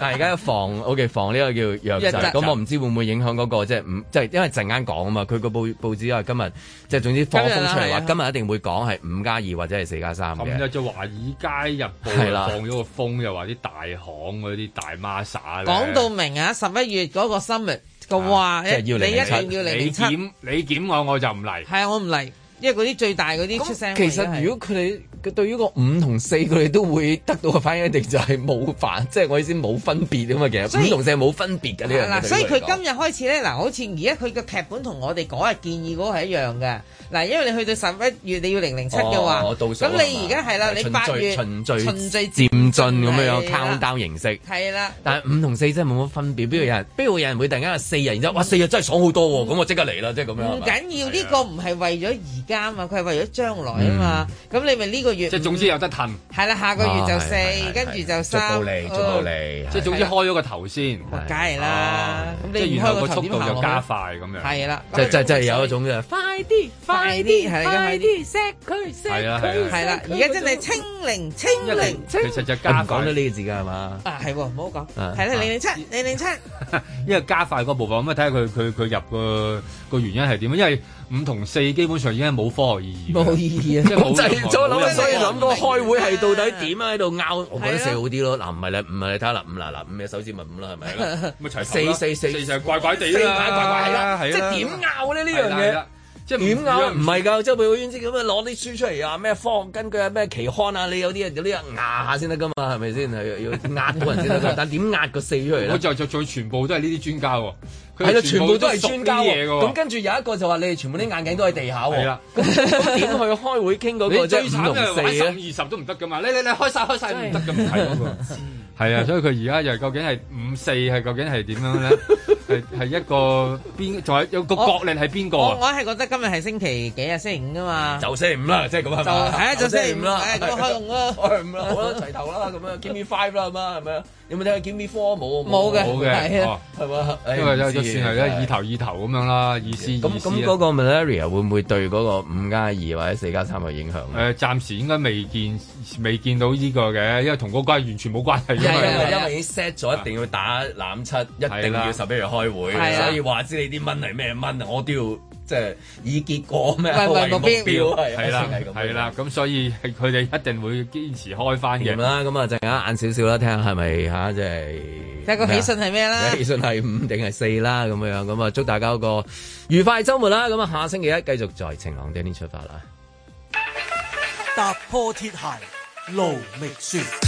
但係而家防 OK，防呢個叫虐待。咁我唔知會唔會影響嗰個即係五，即係因為陣間講啊嘛。佢個報報紙啊，今日即係總之放風出嚟話，今日一定會講係五加二或者係四加三咁，琴日就《華爾街日報》係啦，放咗個風又話。啲大行嗰啲大孖沙，講到明啊！十一月嗰個 summit 嘅話，啊、要7，你一定要零零七。你檢你檢我，我就唔嚟。係啊，我唔嚟，因為嗰啲最大嗰啲出聲。其實如果佢哋佢對於個五同四，佢哋都會得到嘅反應，一定就係冇反，即、就、係、是、我意思冇分別啊嘛。其實五同四冇分別嘅呢啲。係所以佢今日開始咧，嗱，好似而家佢嘅劇本同我哋嗰日建議嗰個係一樣嘅。嗱，因為你去到十一月你要零零七嘅話，咁你而家係啦，你八月循序循序漸進咁樣，countdown 形式係啦。但係五同四真係冇乜分別，邊度有人邊度有人會突然間話四日，然之後哇四日真係爽好多喎，咁我即刻嚟啦，即係咁樣。唔緊要，呢個唔係為咗而家啊嘛，佢係為咗將來啊嘛。咁你咪呢個月即係總之有得騰。係啦，下個月就四，跟住就三。做嚟，做嚟，即係總之開咗個頭先。梗係啦，即係然後個速度就加快咁樣。係啦，即係即係有一種嘅快啲，快啲，係啦，快啲錫佢錫，係啦，係啦，係啦，而家真係清零，清零，其實就加唔講得呢個字噶係嘛？啊，係喎，唔好講，係啦，零零七，零零七，因為加快個步伐，咁啊睇下佢佢佢入個個原因係點啊？因為五同四基本上已經冇科學意義，冇意義啊！即係冇。所以諗到開會係到底點啊？喺度拗，我覺得四好啲咯。嗱唔係咧，唔係你睇下啦，五嗱嗱五隻手指咪五啦，係咪？咪齊頭啦。四四四就係怪怪地啦，怪怪係啦，係啦。即係點拗咧？呢樣嘢。即係點壓？唔係㗎，係培虎先生咁啊，攞啲書出嚟呀，咩科學根據啊，咩期刊呀，你有啲人有啲人壓下先得㗎嘛，係咪先？係要壓到人先得。㗎。 但點壓個四出嚟咧？我就就最全部都係呢啲專家喎。係啦，全部都係專家喎、啊。咁跟住有一個就話：你哋全部啲眼鏡都喺地下喎、啊。咁點了去開會傾嗰個係 最慘嘅四咧？二十、啊、都唔得㗎嘛！你你你開曬開曬唔得噶，唔係嗰個。 係啊，所以佢而家又究竟係五四係究竟係點樣咧？係係一個邊仲有有個角力係邊個？我我係覺得今日係星期幾啊？星期五啊嘛，就星期五啦，即係咁啊，係啊，就星期五啦，誒，開五啦，好啦，齊頭啦，咁樣 give me five 啦，係咪有冇睇聽 give me four 冇？冇嘅，係啊，係因為就算係咧二頭二頭咁樣啦，意思意思。咁嗰個 malaria 會唔會對嗰個五加二或者四加三有影響？誒，暫時應該未見未見到呢個嘅，因為同嗰個關係完全冇關係。因為因已經 set 咗，一定要打攬七，一定要十一月開會，所以話知你啲蚊係咩蚊，我都要即係以結果咩？係唔係目標係啦係啦，咁所以佢哋一定會堅持開翻嘅啦。咁啊，陣間晏少少啦，睇下係咪吓即係睇個起訊係咩啦？起訊係五定係四啦，咁樣咁啊，祝大家個愉快周末啦！咁啊，下星期一繼續在晴朗的一天出發啦。踏破鐵鞋路未絕。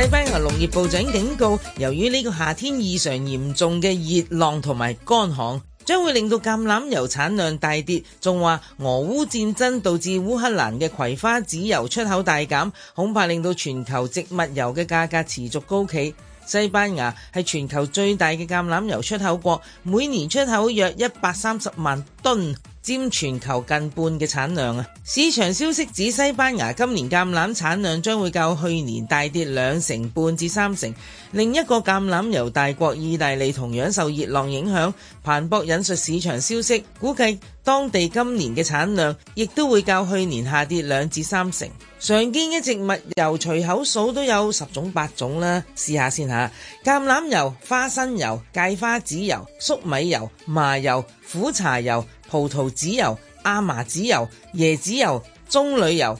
西班牙農業部長警告，由於呢個夏天異常嚴重嘅熱浪同埋乾旱，將會令到橄欖油產量大跌。仲話，俄烏戰爭導致烏克蘭嘅葵花籽油出口大減，恐怕令到全球植物油嘅價格持續高企。西班牙係全球最大嘅橄欖油出口國，每年出口約一百三十萬噸。佔全球近半嘅產量啊！市場消息指，西班牙今年橄欖產量將會較去年大跌兩成半至三成。另一個橄欖油大國意大利，同樣受熱浪影響，彭博引述市場消息，估計當地今年嘅產量亦都會較去年下跌兩至三成。常見嘅植物油，隨口數都有十種八種啦。試下先吓，橄欖油、花生油、芥花籽油、粟米油、麻油、苦茶油、葡萄籽油、亞麻籽油、椰子油、棕櫚油，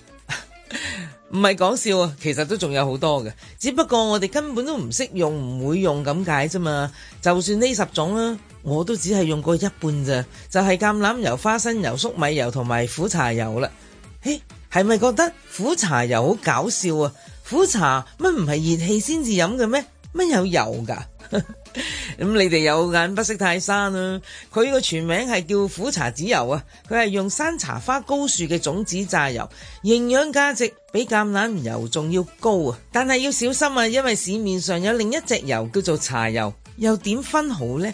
唔係講笑啊，其實都仲有好多嘅，只不過我哋根本都唔識用，唔會用咁解啫嘛。就算呢十種啦，我都只係用過一半咋，就係橄欖油、花生油、粟米油同埋苦茶油啦。嘿。係咪覺得苦茶油好搞笑啊？苦茶乜唔係熱氣先至飲嘅咩？乜有油噶？咁 你哋有眼不識泰山啊！佢個全名係叫苦茶籽油啊，佢係用山茶花高樹嘅種子榨油，營養價值比橄欖油仲要高啊！但係要小心啊，因為市面上有另一隻油叫做茶油，又點分好呢？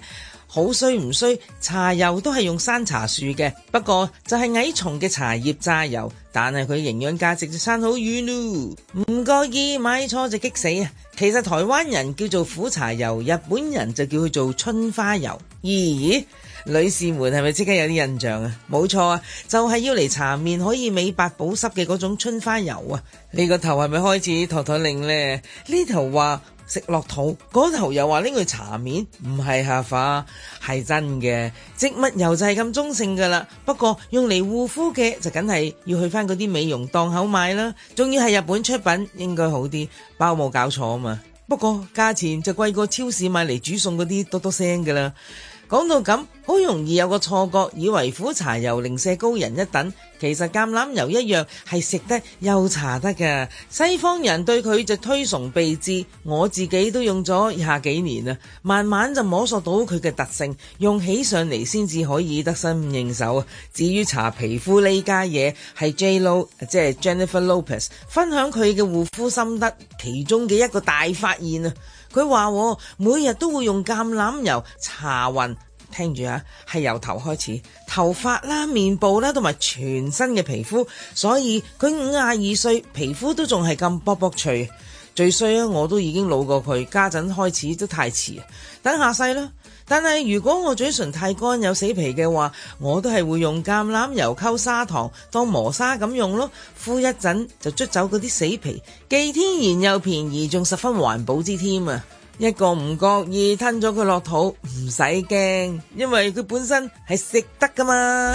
好衰唔衰？茶油都係用山茶樹嘅，不過就係矮蟲嘅茶葉榨油，但係佢營養價值就差好遠咯。唔覺意買錯就激死啊！其實台灣人叫做苦茶油，日本人就叫佢做春花油。咦？女士們係咪即刻有啲印象啊？冇錯啊，就係要嚟搽面，可以美白保濕嘅嗰種春花油啊！你個頭係咪開始陀陀擰呢？呢頭話食落肚，嗰頭又話拎去搽面，唔係下法，係真嘅。植物油就係咁中性噶啦，不過用嚟護膚嘅就梗係要去翻嗰啲美容檔口買啦。仲要係日本出品，應該好啲，包冇搞錯啊嘛。不過價錢就貴過超市買嚟煮餸嗰啲多多聲噶啦。都都講到咁，好容易有個錯覺，以為苦茶油零舍高人一等，其實橄欖油一樣係食得又搽得噶。西方人對佢就推崇備至，我自己都用咗廿幾年啦，慢慢就摸索到佢嘅特性，用起上嚟先至可以得心應手啊。至於搽皮膚呢家嘢，係 J Lo，即係 Jennifer Lopez，分享佢嘅護膚心得，其中嘅一個大發現啊。佢話：我每日都會用橄欖油搽勻聽，聽住啊，係由頭開始，頭髮啦、面部啦，同埋全身嘅皮膚，所以佢五廿二歲，皮膚都仲係咁卜卜脆。最衰啊，我都已經老過佢，家陣開始都太遲，等下世啦。但係如果我嘴唇太乾有死皮嘅話，我都係會用橄欖油溝砂糖當磨砂咁用咯，敷一陣就捽走嗰啲死皮，既天然又便宜，仲十分環保之添啊！一個唔覺意吞咗佢落肚，唔使驚，因為佢本身係食得㗎嘛。